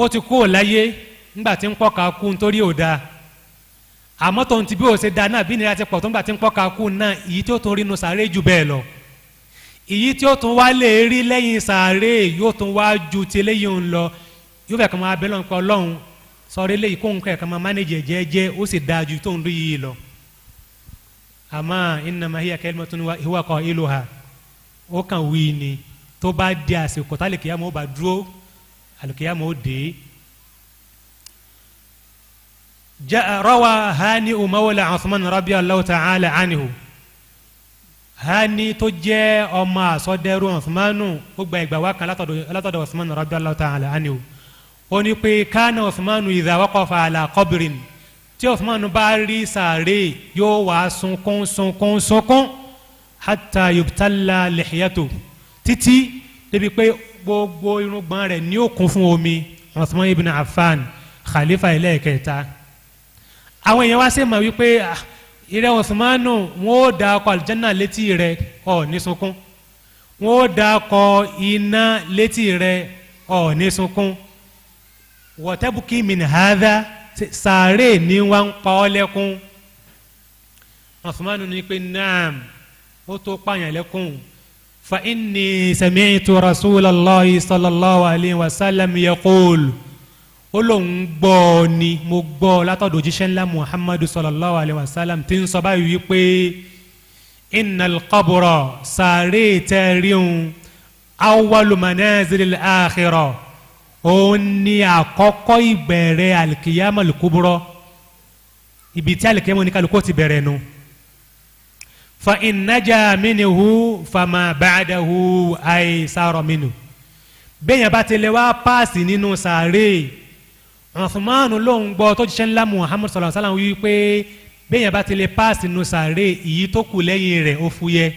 ó ti kú láyé ńgbà tí ń pọ́ka kú nítorí ò dáa ti bí ó ṣe dáa náà bí nira ti pọ̀ tó ńgbà tí ń pọ́ka kú náà èyí tó tó rí jù bẹ́ẹ̀ lọ èyí tí ó tún wá lè rí lẹ́yìn sàárè yóò tún wá ju ti eléyìí ń lọ yóò fẹ́ kàn máa bẹ́ẹ̀ lọ́nkọ́ ọlọ́run sọ̀rọ̀ eléyìí kóhun kẹ̀ kàn máa mánéjì ẹ̀jẹ̀ jẹ́ ó sì dáa ju tóun rí yìí lọ. àmọ́ innama hiya kalimatun huwa qailuha ó kàn wí ni tó bá di àsìkò tálíkìyàmọ́ ó bá dúró àlùkìyàmọ́ ó dé. jẹ́ rawa hani umawala Uthman radiyallahu ta'ala anhu hani tó jẹ́ ọmọ àsọdẹrù ọ̀sùnmánù ó gba ìgbà wá kan látọ̀dọ̀ ọ̀sùnmánù radiyallahu ta'ala anhu ó ní pé kánà ọ̀sùnmánù idha waqafa ala qabrin tí ọ̀sùnmánù bá rí sàárè yóò wá sunkún sunkún sunkún hatta yubtalla lihiyatu títí débi pé gbogbo irùngbọ̀n rẹ̀ ní ó fún omi Usman ibn Affan khalifa ilé ẹ̀kẹta àwọn èèyàn wá sí ma wípé ah ìrẹ Usmanu wọn ò da ọkọ àlùjánà létí rẹ ọ ní sunkún wọn ò da ọkọ iná létí rẹ ọ ní sunkún wọtẹbùkì mìnhàdá sàárè ní wà ń pa ọ́ lẹ́kún Usmanu ní pé naam ó tó pààyàn lẹ́kún fa inni sami'tu Rasulallahi sallallahu alayhi wa sallam yaqul ó lóun gbọ́ ọ ni mo gbọ́ ọ látọ̀dọ̀ òjíṣẹ́ ńlá muhammadu sallallahu alayhi wa sallam ti ń sọ báyìí wípé innal qabra sàárè tẹ́ríhun awwalu manazilil akhira òun ni àkọ́kọ́ ìbẹ̀rẹ̀ alikiyama lukubro ibi tí alikiyama oníkàlùkò ti bẹ̀rẹ̀ nu fa innaja minhu fama ba'dahu aysara minhu bẹ́ẹ̀ yẹn bá tilẹ̀ wá páàsì nínú sàárè ọ̀sùnmáàánú lòún gbọ́ tó jíṣẹ́ ńlá muhammed sọlá sálàm wí pé béèyàn bá ti lè páàsì nù sàárè èyí tó kù lẹ́yìn rẹ̀ ó fúyẹ́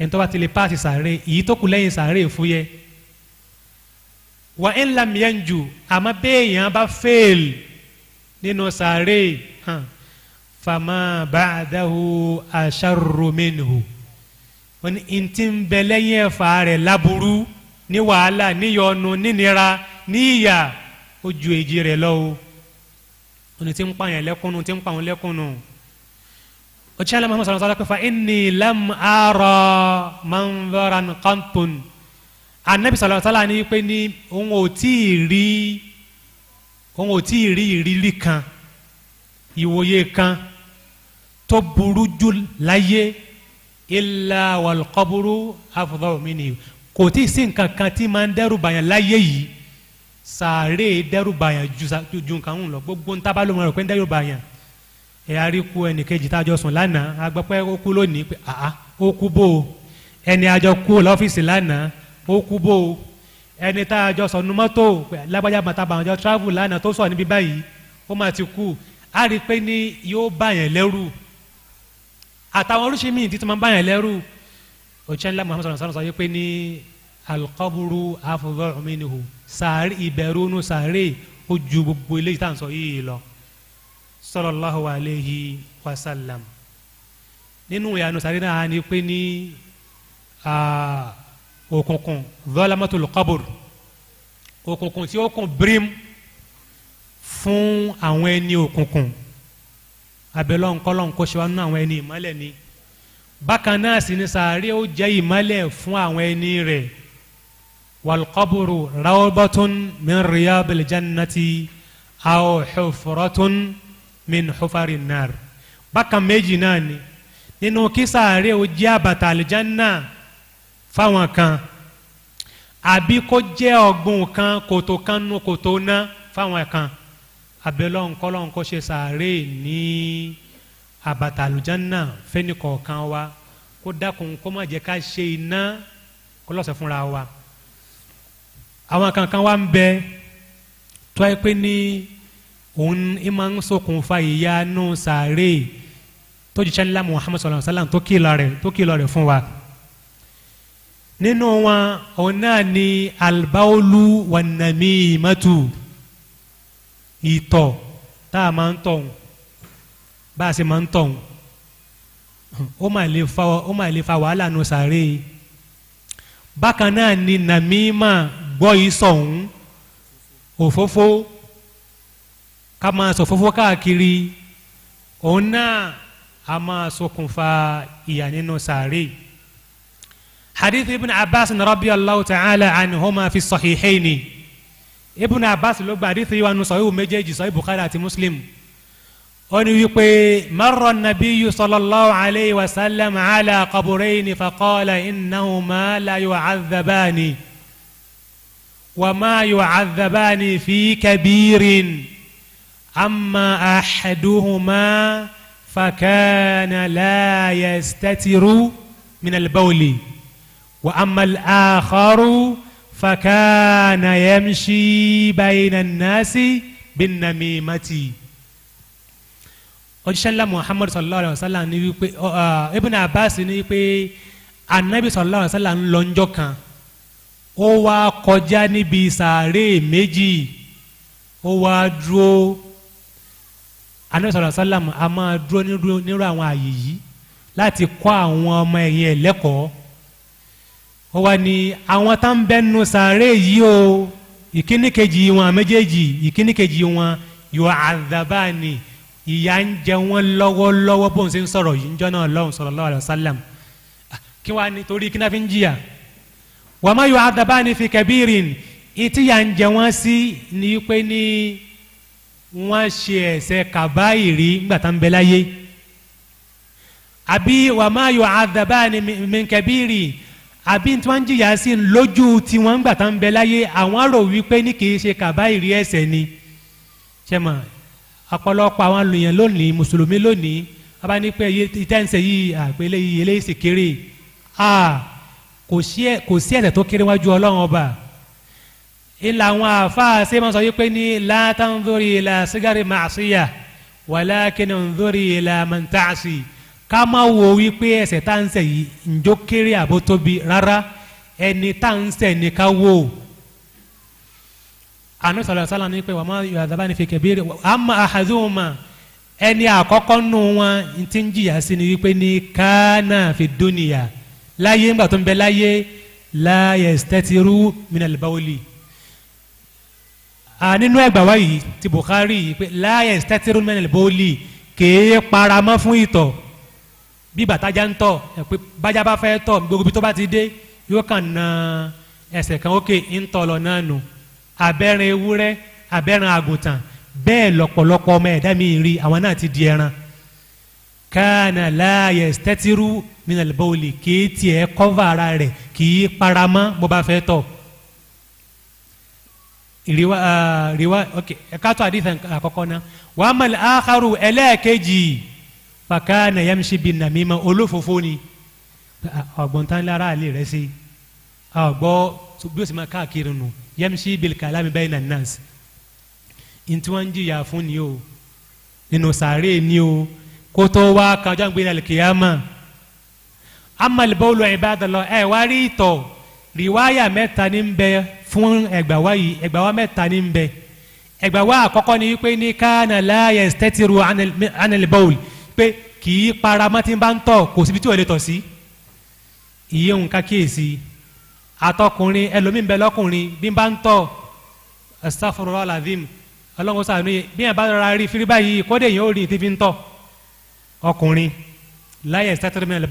ẹni tó bá ti lè páàsì sàárè èyí tó kù lẹ́yìn sàárè fúyẹ́ wà ń lamìyẹn jù àmọ́ béèyàn bá fail nínú sàárè fama baadahu asharru wọn ni ntí ń bẹ lẹ́yìn ẹ̀fà rẹ̀ láburú ní wàhálà níyọnu nínira. Ni ní ìyà ó ju èjì rẹ̀ lọ o òní tí ń pa yẹn lẹ́kùnún tí ń pa òun lẹ́kùnún òtí àlẹ́ Muhammad sallallahu alaihi wa sallam pé fa inni lam ara manzaran qantun anabi sallallahu alaihi wa sallam ni pé ní òun ò tí ì rí òun ò tí ì rí ìrírí kan ìwòye kan tó burú jù láyé illa wal qabru afdalu minhu kò tí ì sí nǹkan kan tí máa ń dẹ́rù bàyàn láyé yìí sàárè dẹ́rùbàyàn ju nǹkan ń lọ gbogbo ń tábà ló mọ̀ rẹ̀ pé ń dẹ́rùbàyàn ẹ̀ àríkú ẹnìkejì tá a jọ sùn lánàá a gbọ́ pé ó kú lónìí pé àá ó kú bó o ẹni a jọ kú lọ́fíìsì lánàá ó kú bó o ẹni tá a jọ sọ nu mọ́tò lágbájá bàtà bàwọn jọ travel lánàá tó sọ níbi báyìí ó máa ti kú a rí i pé ní yóò bàyàn lẹ́rù àtàwọn oríṣi míì títí máa bàyàn lẹ́rù òṣìṣẹ́ ńlá Muhammadu sọ̀rọ̀ sọ̀rọ̀ sọ yẹ pé ní alqaburu afdal minhu sàárè ìbẹ̀rù inú sàárè ó ju gbogbo eléyìí tá à ń sọ yìí lọ sallallahu alayhi wa sallam nínú ìyanu sàárè náà ni pé ní òkùnkùn zalamatul qabr òkùnkùn tí ó kún brim fún àwọn ẹni òkùnkùn abẹ́lọ́ ńkọ́lọ́ ńkọ́ ṣe wá nínú àwọn ẹni ìmọ́lẹ̀ ni bákan náà sì ni sàárè ó jẹ́ ìmọ́lẹ̀ fún àwọn ẹni rẹ̀ والقبر روضة من رياب الجنة أو حفرة من حفر النار bákan méjì náà ni nínú kí sàárè ó jẹ́ àbàtà àlìjánná fáwọn kan àbí kó jẹ́ ọ̀gbun kan kòtò kan nu kòtò ná fáwọn kan abẹ́lọ́ ńkọ́lọ́ ńkọ́ ṣe sàárè ní àbàtà àlìjánná fẹ́nìkọ̀ọ̀kan wa kó dákun kó má jẹ́ ká ṣe iná kó lọ́sẹ̀ wa àwọn kankan wà ń bẹ tó ẹ pé ní òun ẹ máa ń ṣokùnfà ìyà nù sàárè tó jíṣẹ́ ńlá Muhammad sallallahu alayhi wa sallam tó kìlọ̀ rẹ̀ fún wa nínú wọn òun náà ni albaolu wanami namimatu ìtọ̀ tá a máa ń tọ̀ bá a sì máa ń tọ̀ ó ó mà lè fa wàhálà nù sàárè bákan náà ni namima gbọ́ yìí sọ̀hún òfófó ká máa sọ òfófó káàkiri òun náà a máa ṣokùnfà ìyà nínú sàárè. hadith ibn abbas radiyallahu ta'ala anhuma fi sahihayni ibn abbas ló gba hadith yìí wà nù sọ̀híhù méjèèjì sọ̀híhù bukhari àti muslim ó ní wípé marra nabiyyu sallallahu alayhi wa sallam ala qaburayni faqala innahuma la yu'adhabani. وما يعذبان في كبير أما أحدهما فكان لا يستتر من البول وأما الآخر فكان يمشي بين الناس بالنميمة ojúṣẹ́lá muhammad sallallahu alayhi wa sallam ní wípé ibn abbas ní wípé anabi sallallahu alayhi wa sallam ń lọ́njọ́ kan ó wá kọjá níbi sàárè méjì ó wá dúró anabi sọlá sálàm a máa dúró nírú àwọn àyè yìí láti kọ́ àwọn ọmọ ẹ̀yìn ẹ̀ lẹ́kọ̀ọ́ ó wá ní àwọn tá ń bẹ́nu sàárè yìí o ìkíní kejì wọn méjèèjì ìkíní kejì wọn yóò àdàbàní ìyà ń jẹ wọn lọ́wọ́lọ́wọ́ bóun ṣe ń sọ̀rọ̀ yìí ń jọ́ náà lọ́hùn sallallahu alaihi wasallam ah, kí wàá ní torí kí náà fi ń jìyà wa ma yu'adhabani fi kabirin ìtí yà ń jẹ wọ́n sí ni pé ní wọ́n ṣe ẹ̀ṣẹ̀ kàbáyìrí nígbà tá ń bẹ láyé àbí wa ma yu'adhabani min kabirin àbí tí wọ́n ń jìyà sí lójú tiwọn nígbà tá ń bẹ láyé àwọn rò wípé ní kì ṣe kàbáyìrí ẹ̀ṣẹ̀ ni ṣe mọ̀ àwọn lòyìn lónìí mùsùlùmí lónìí abánípẹ́ yìí tẹ́ǹsẹ̀ yìí àpẹẹlẹ yìí eléyìí sì kéré ah kò sí ẹ̀ṣẹ̀ tó kéré wájú ọlọ́run ọba ilà àwọn àáfàá ṣe máa sọ wípé ní látàndórí ilà sígárì màṣíyà wàlákìnnì ndórí ilà mọ̀ntàṣì ká má wo wípé ẹ̀ṣẹ̀ tá ń ṣẹ̀ yìí njó kéré àbó tóbi rárá ẹni tá ń ṣẹ̀ ni ká wò ó anu sọlọ sọlọ ní pé wàmú yọ̀dàbà ní fèkè béèrè àmà àhàzùmà ẹni àkọ́kọ́ nù wọn ti ń jìyà sí ni wípé ní kánà fi dúnìyà láyé ńgbà tó ń bẹ láyé la yastatiru minal bawli nínú ẹgbà wa yìí ti Bukhari yìí pé la yastatiru minal bawli kèé paramọ́ fún ìtọ̀ bí bàtájà ń tọ̀ ẹ̀ pé bájá bá fẹ́ tọ̀ gbogbo ibi tó bá ti dé yóò kàn na ẹsẹ̀ kan ókè ń tọ̀ lọ náà nù abẹ́rin ewúrẹ́ abẹ́rin àgùntàn bẹ́ẹ̀ lọ́pọ̀lọpọ̀ ọmọ ẹ̀dá mi rí àwọn náà ti di ẹran kana la yastatiru minal bawli kéétì ẹ̀ kọ́va ara rẹ̀ kì í paramọ́ bó bá fẹ́ tọ̀ riwa ah, riwa ok ẹ̀ka tó àdìsàn àkọ́kọ́ náà wàá mọ̀lẹ́ àkàrù ẹlẹ́ẹ̀kejì fàkànà yamshi bi namima olófòfó ni ah, ọ̀gbọ̀n tán lára àlè rẹ̀ sí ọ̀gbọ́ bí ó sì máa káàkiri nù yamshi bil kalami bayna nas ntí wọ́n ń jìyà fún ni o nínú sàárè ni o kótó wá kájọ́ àgbélé alikiyama amal bawlu ibadallah ẹ wá rí ìtọ̀ rìwáyà mẹ́ta ní ń bẹ fún ẹgbàwá yìí ẹgbàwá mẹ́ta ní ń bẹ ẹgbàwá ni wípé ní kánà la yastatiru anil bawl pé kì í para mọ́tí bá ń tọ̀ kò síbi tí ò lè tọ̀ sí ìyé nǹkan kíyèsí àtọkùnrin ẹlòmíín bẹ lọkùnrin bí n bá ń tọ̀ astaghfirullah alazim ọlọ́run sàánú yìí bí yẹn bá rọra rí firi báyìí kódé yìí ó rí ti fi ń tọ̀ ọkùnrin la yastatiru anil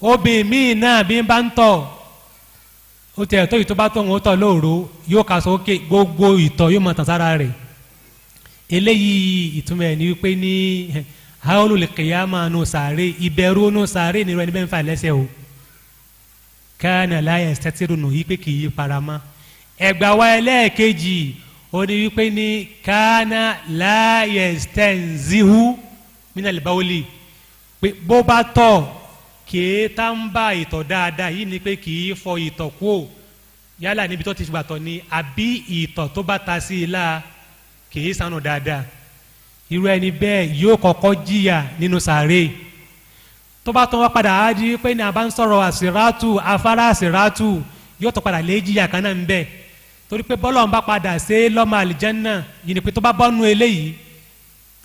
obìnrin míì náà bí n bá ń tọ̀ ó tiẹ̀ tó ìtọ́ bá tó ń tọ̀ lóòró yóò kà sọ ókè gbogbo ìtọ̀ yóò mọ tàn sára rẹ̀ eléyìí ìtumọ̀ ẹ̀ ni wípé ní haolu lè kéya máa nù sàárè ìbẹ̀rù nù sàárè nírú ẹni bẹ́ẹ̀ ń fà lẹ́sẹ̀ o káànà láyà ẹ̀sítẹ́tìrù nù yí pé kì í paramọ́ ẹ̀gbà wa ẹlẹ́ẹ̀kejì ó ní wípé ní káànà láyà ẹ̀sítẹ́ǹzihu mínàlì báwọlì pé bó bá tọ̀ kìí tá ń bá ìtọ̀ dáadáa yìí ni pé kìí fọ ìtọ̀ kú yálà níbi tó ti gbàtọ̀ ni àbí ìtọ̀ tó bá ta sí i la kìí sànù dáadáa irú ẹni bẹ́ẹ̀ yóò kọ́kọ́ jìyà nínú sàárè tó bá tán wá padà á di pé ní a bá ń sọ̀rọ̀ àsìrátù afárá àsìrátù yóò tó padà lé jìyà kan náà ń bẹ torí pé bọ́lọ̀ ń bá padà ṣe lọ́mọ àlìjẹ́nnà yìí ni pé tó bá bọ́nu eléyìí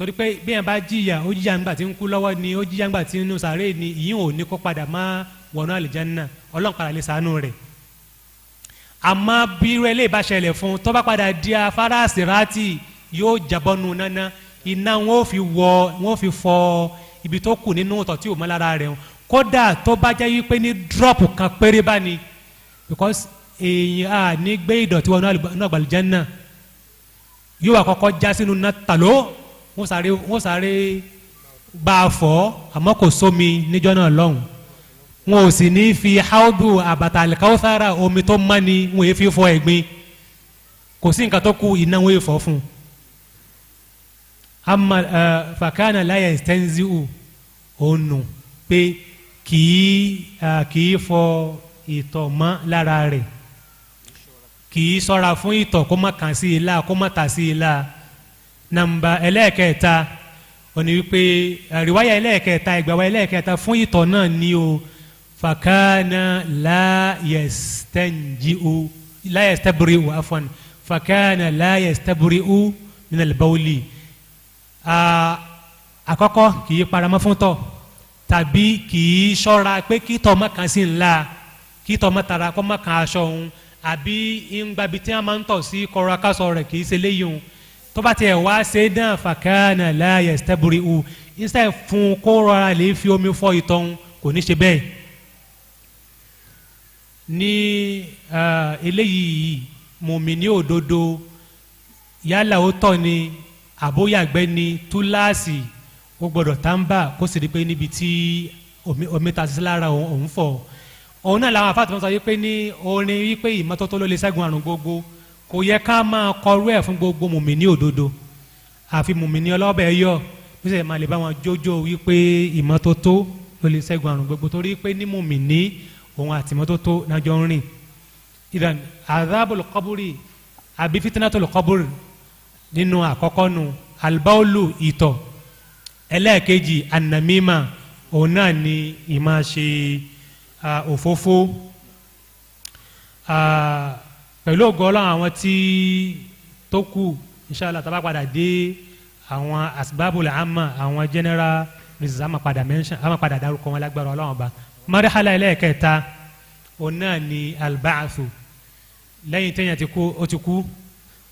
torí pé bí yẹn bá jìyà ó jìyà ńgbà tí ń kú lọ́wọ́ ni ó jìyà ńgbà tí ń nù sàárè ni ìyín ò ní kó padà má wọnú àlìjánná ọlọ́run padà lè sàánú rẹ̀ àmọ́ bí irú ẹ̀ bá ṣẹlẹ̀ fún tó padà di afárá àsìrátì yóò jábọ́nu náná iná wọn ò fi wọ wọn ò fi fọ ibi tó kù nínú ọ̀tọ̀ tí ò mọ́ lára rẹ̀ kódà tó bá jẹ́ wípé ní dírọ́pù kan péré bá ni because èèyàn à ní gbé ìdọ̀tí wọnú àgbàlùjẹ́ náà yóò wà kọ́kọ́ já sínú náà tàló wọ́n sáré wọ́n sáré bá a fọ́ àmọ́ kò sómi níjọ́ náà lọ́hùn wọn ò sì ní fi haudu àbàtà àlìkáwọ́sára omi tó mọ́ ni wọn èéfi fọ ẹ̀gbin kò sí nǹkan tó kù iná wọn èèfọ́ fún un ama fakana láyà ìstẹ́nziu ònù pé kì í kì í fọ ìtọ̀ mọ́ lára rẹ̀ kì í ṣọ́ra fún ìtọ̀ kó má kàn sí i la kó má tà sí i la nàmbà ẹlẹ́ẹ̀kẹta òní wípé àríwáyà eh, ẹlẹ́ẹ̀kẹta ìgbàwá ẹlẹ́ẹ̀kẹta fún ìtọ̀ náà ni o fàkànà láyẹ̀stẹ́njiu láyẹ̀stẹ́bùrìu afọ́n fàkànà láyẹ̀stẹ́bùrìu nínú ìbáwọlì àkọ́kọ́ kì í paramọ́ fún tọ̀ tàbí kì í ṣọ́ra pé kí tọ̀ má kàn sí ńlá kí tọ̀ má tara kọ́ má kàn aṣọ òun àbí ń tí wọ́n máa ń tọ̀ sí kọ́ra kásọ̀ rẹ̀ kì í ṣe léyìí òun tọ́ba tiẹ̀ wá ṣe dán fàkànà láàyè stẹ́bùrì u instead fún kó rọra lè fi omi fọ ìtọ̀hún kò ní ṣe bẹ́ẹ̀ ní eléyìí mùmíní òdodo yálà ó tọ̀ ni àbóyàgbẹ́ ni túláàsì ó gbọ́dọ̀ tàǹbà kó sì rí pé níbi tí omi ta sí lára òun fọ̀ òun náà làwọn afáàtúntò sọ wípé ní orin wípé ìmọ́tótó ló lè ṣẹ́gun àrùn gbogbo kò yẹ ká máa kọrú ẹ̀ fún gbogbo mùmíní òdodo àfi mùmíní ọlọ́bẹ̀ yọ bí sẹ́yìn máa lè bá wọn jójó wípé ìmọ́tótó ló lè ṣẹ́gun àrùn gbogbo torí pé ní mùmíní òun àti ìmọ́tótó nájọ ń rìn ìdàn àdábò lọ́kọ́bùrì àbí fitinátò lọ́kọ́bùrì nínú àkọ́kọ́ nu albaolu ìtọ̀ ẹlẹ́ẹ̀kejì anamima òun náà ni ìmáa ṣe òfófó pẹ̀lú ògo Ọlọ́run àwọn tí tó kù inṣàlá tá a bá padà dé àwọn asibabul ama àwọn general reasons a máa padà mention a máa padà dárúkọ wọn lágbára Ọlọ́run ọba madahala ẹlẹ́ẹ̀kẹta òun náà ni albaathu lẹ́yìn téèyàn ti kú ó ti kú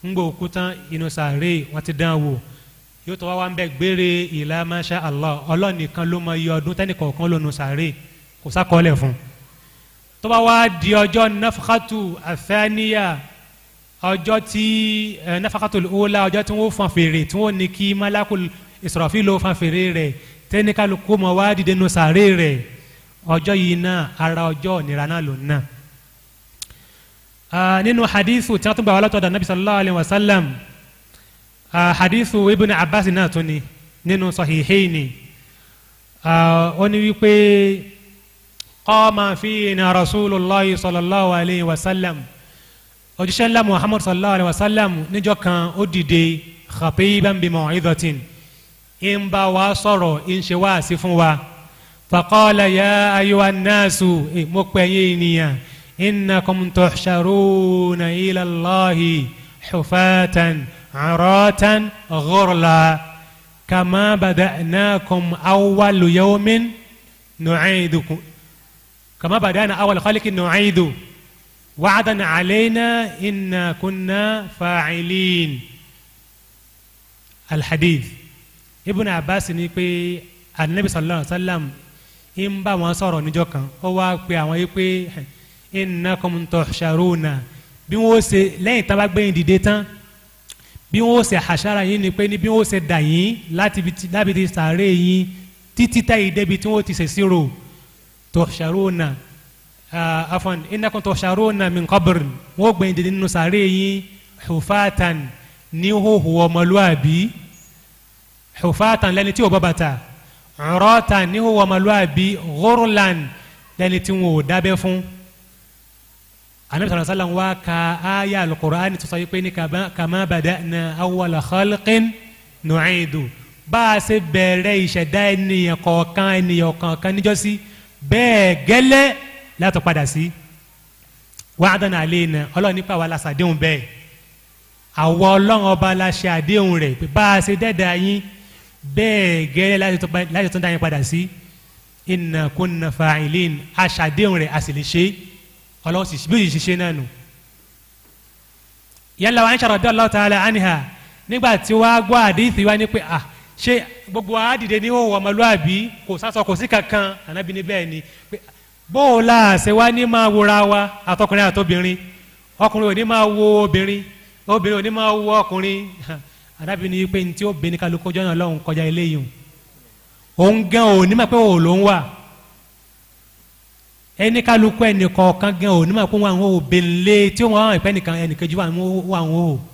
ń gbọ́ òkú tán inú wọ́n ti dán wò yóò tọ́ wá wá ń bẹ gbére ìlà masha Allah Ọlọ́run nìkan ló mọ iye ọdún tẹ́nìkọ̀ọ̀kan ló nu sàárè kò sákọ́ọ́lẹ̀ fún un tó bá wá di ọjọ́ nafakatu athaniya ọjọ́ tí eh, nafakatu ola ọjọ́ tí wọ́n fan fèrè tí wọ́n ní kí malakul Israfil ló fan fèrè rẹ̀ tẹ́nikaluko mọ̀ wá dìde nù sàré rẹ̀ ọjọ́ yìí náà ara ọjọ́ ìnira náà ló ná. nínú hadithu tí wọ́n tún gbà wá látọ̀dọ̀ nabi sallallahu alayhi wa sallam hadithu ibn Abbas náà tún ni nínú sahihaini ó ní wípé qama fina rasulillah sallallahu alayhi wa sallam òjíṣẹ́ ńlá muhammad sallallahu alayhi wa sallam níjọ́ kan ó dìde khatiban bi maw'izatin ń bá wa sọ̀rọ̀ ń ṣe wáàsí fún wa faqala ya ayyuha nnasu mo pè yín ènìyàn innakum tuhsharuna ila allahi hufatan aratan ghurla kama bada'nakum awwalu yawmin nu'idukum كما بدأنا أول خلق نعيده وعدا علينا إنا كنا فاعلين الحديث Ibn Abbas ní pé anabi sallallahu alayhi wa sallam ń bá wọn sọ̀rọ̀ níjọ́ kan ó wá pe àwọn yìí pé innakum tuhsharuna bí wọn ó ṣe lẹ́yìn tá a bá gbé yín dìde tán bí wọn ó ṣe àṣàrà yín ni pé ní bí wọn ó ṣe dà yín láti láti sàárè yín títí táyì débi tí wọn ó ti ṣèṣirò tuhsharuna afọn innakum tuhsharuna min qabr wọ́n gbẹ̀yìn dìde nínú sàárè yín hufatan ní hóhùn ọmọlúàbí hufatan lẹ́ni tí ò bọ́ bàtà uratan ní hóhùn ọmọlúàbí ghurlan lẹ́ni tí wọn ò dábẹ́ fún anabi sallallahu alaihi wa ka aya alukur'ani tó sọ yìí pé ní kama bada'na awwala khalqin nu'idu bá a ṣe bẹ̀rẹ̀ ìṣẹ̀dá ènìyàn kọ̀ọ̀kan ènìyàn kọ̀ọ̀kan níjọ́sí bẹ́ẹ̀ gẹ́lẹ́ látọ̀ padà sí wa'adana alayna ọlọ́run nípa wa lásàdéhùn bẹ́ẹ̀ àwọ ọlọ́run ọba la ṣe àdéhùn rẹ̀ pé bá a ṣe dẹ́dà yín bẹ́ẹ̀ gẹ́lẹ́ láti tún dá yín padà sí inna kunna fa'ilin aṣàdéhùn rẹ̀ a sì lè ṣe ọlọ́run sì bí òyìnbó ṣe náà nù. yálà wa ń ṣàròdé Allah ta'ala anha nígbà tí wàá gbọ́ àdéhìí wa ní pé ah ṣé gbogbo àádìde ní òwò ọmọlúàbí kò sásọ kò sí kankan ànábi ní bẹ́ẹ̀ ni bóò la àṣẹ wa ní máa wora wa àtọkùnrin àtobìnrin ọkùnrin ò ní máa wo obìnrin obìnrin ò ní máa wo ọkùnrin ànábi ní pé ní tí obìnrin kálukú ọjọ́ náà lọ́hùn kọjá eléyìí òun gan ò ní máa pé òun ló ń wà ẹni kálukú ẹnì kọ̀ọ̀kan gan ò ní máa pé òun àwọn òbí ńlé tí òun àwọn ìpẹ́ nìkan ẹnìkejì wà àwọn òun.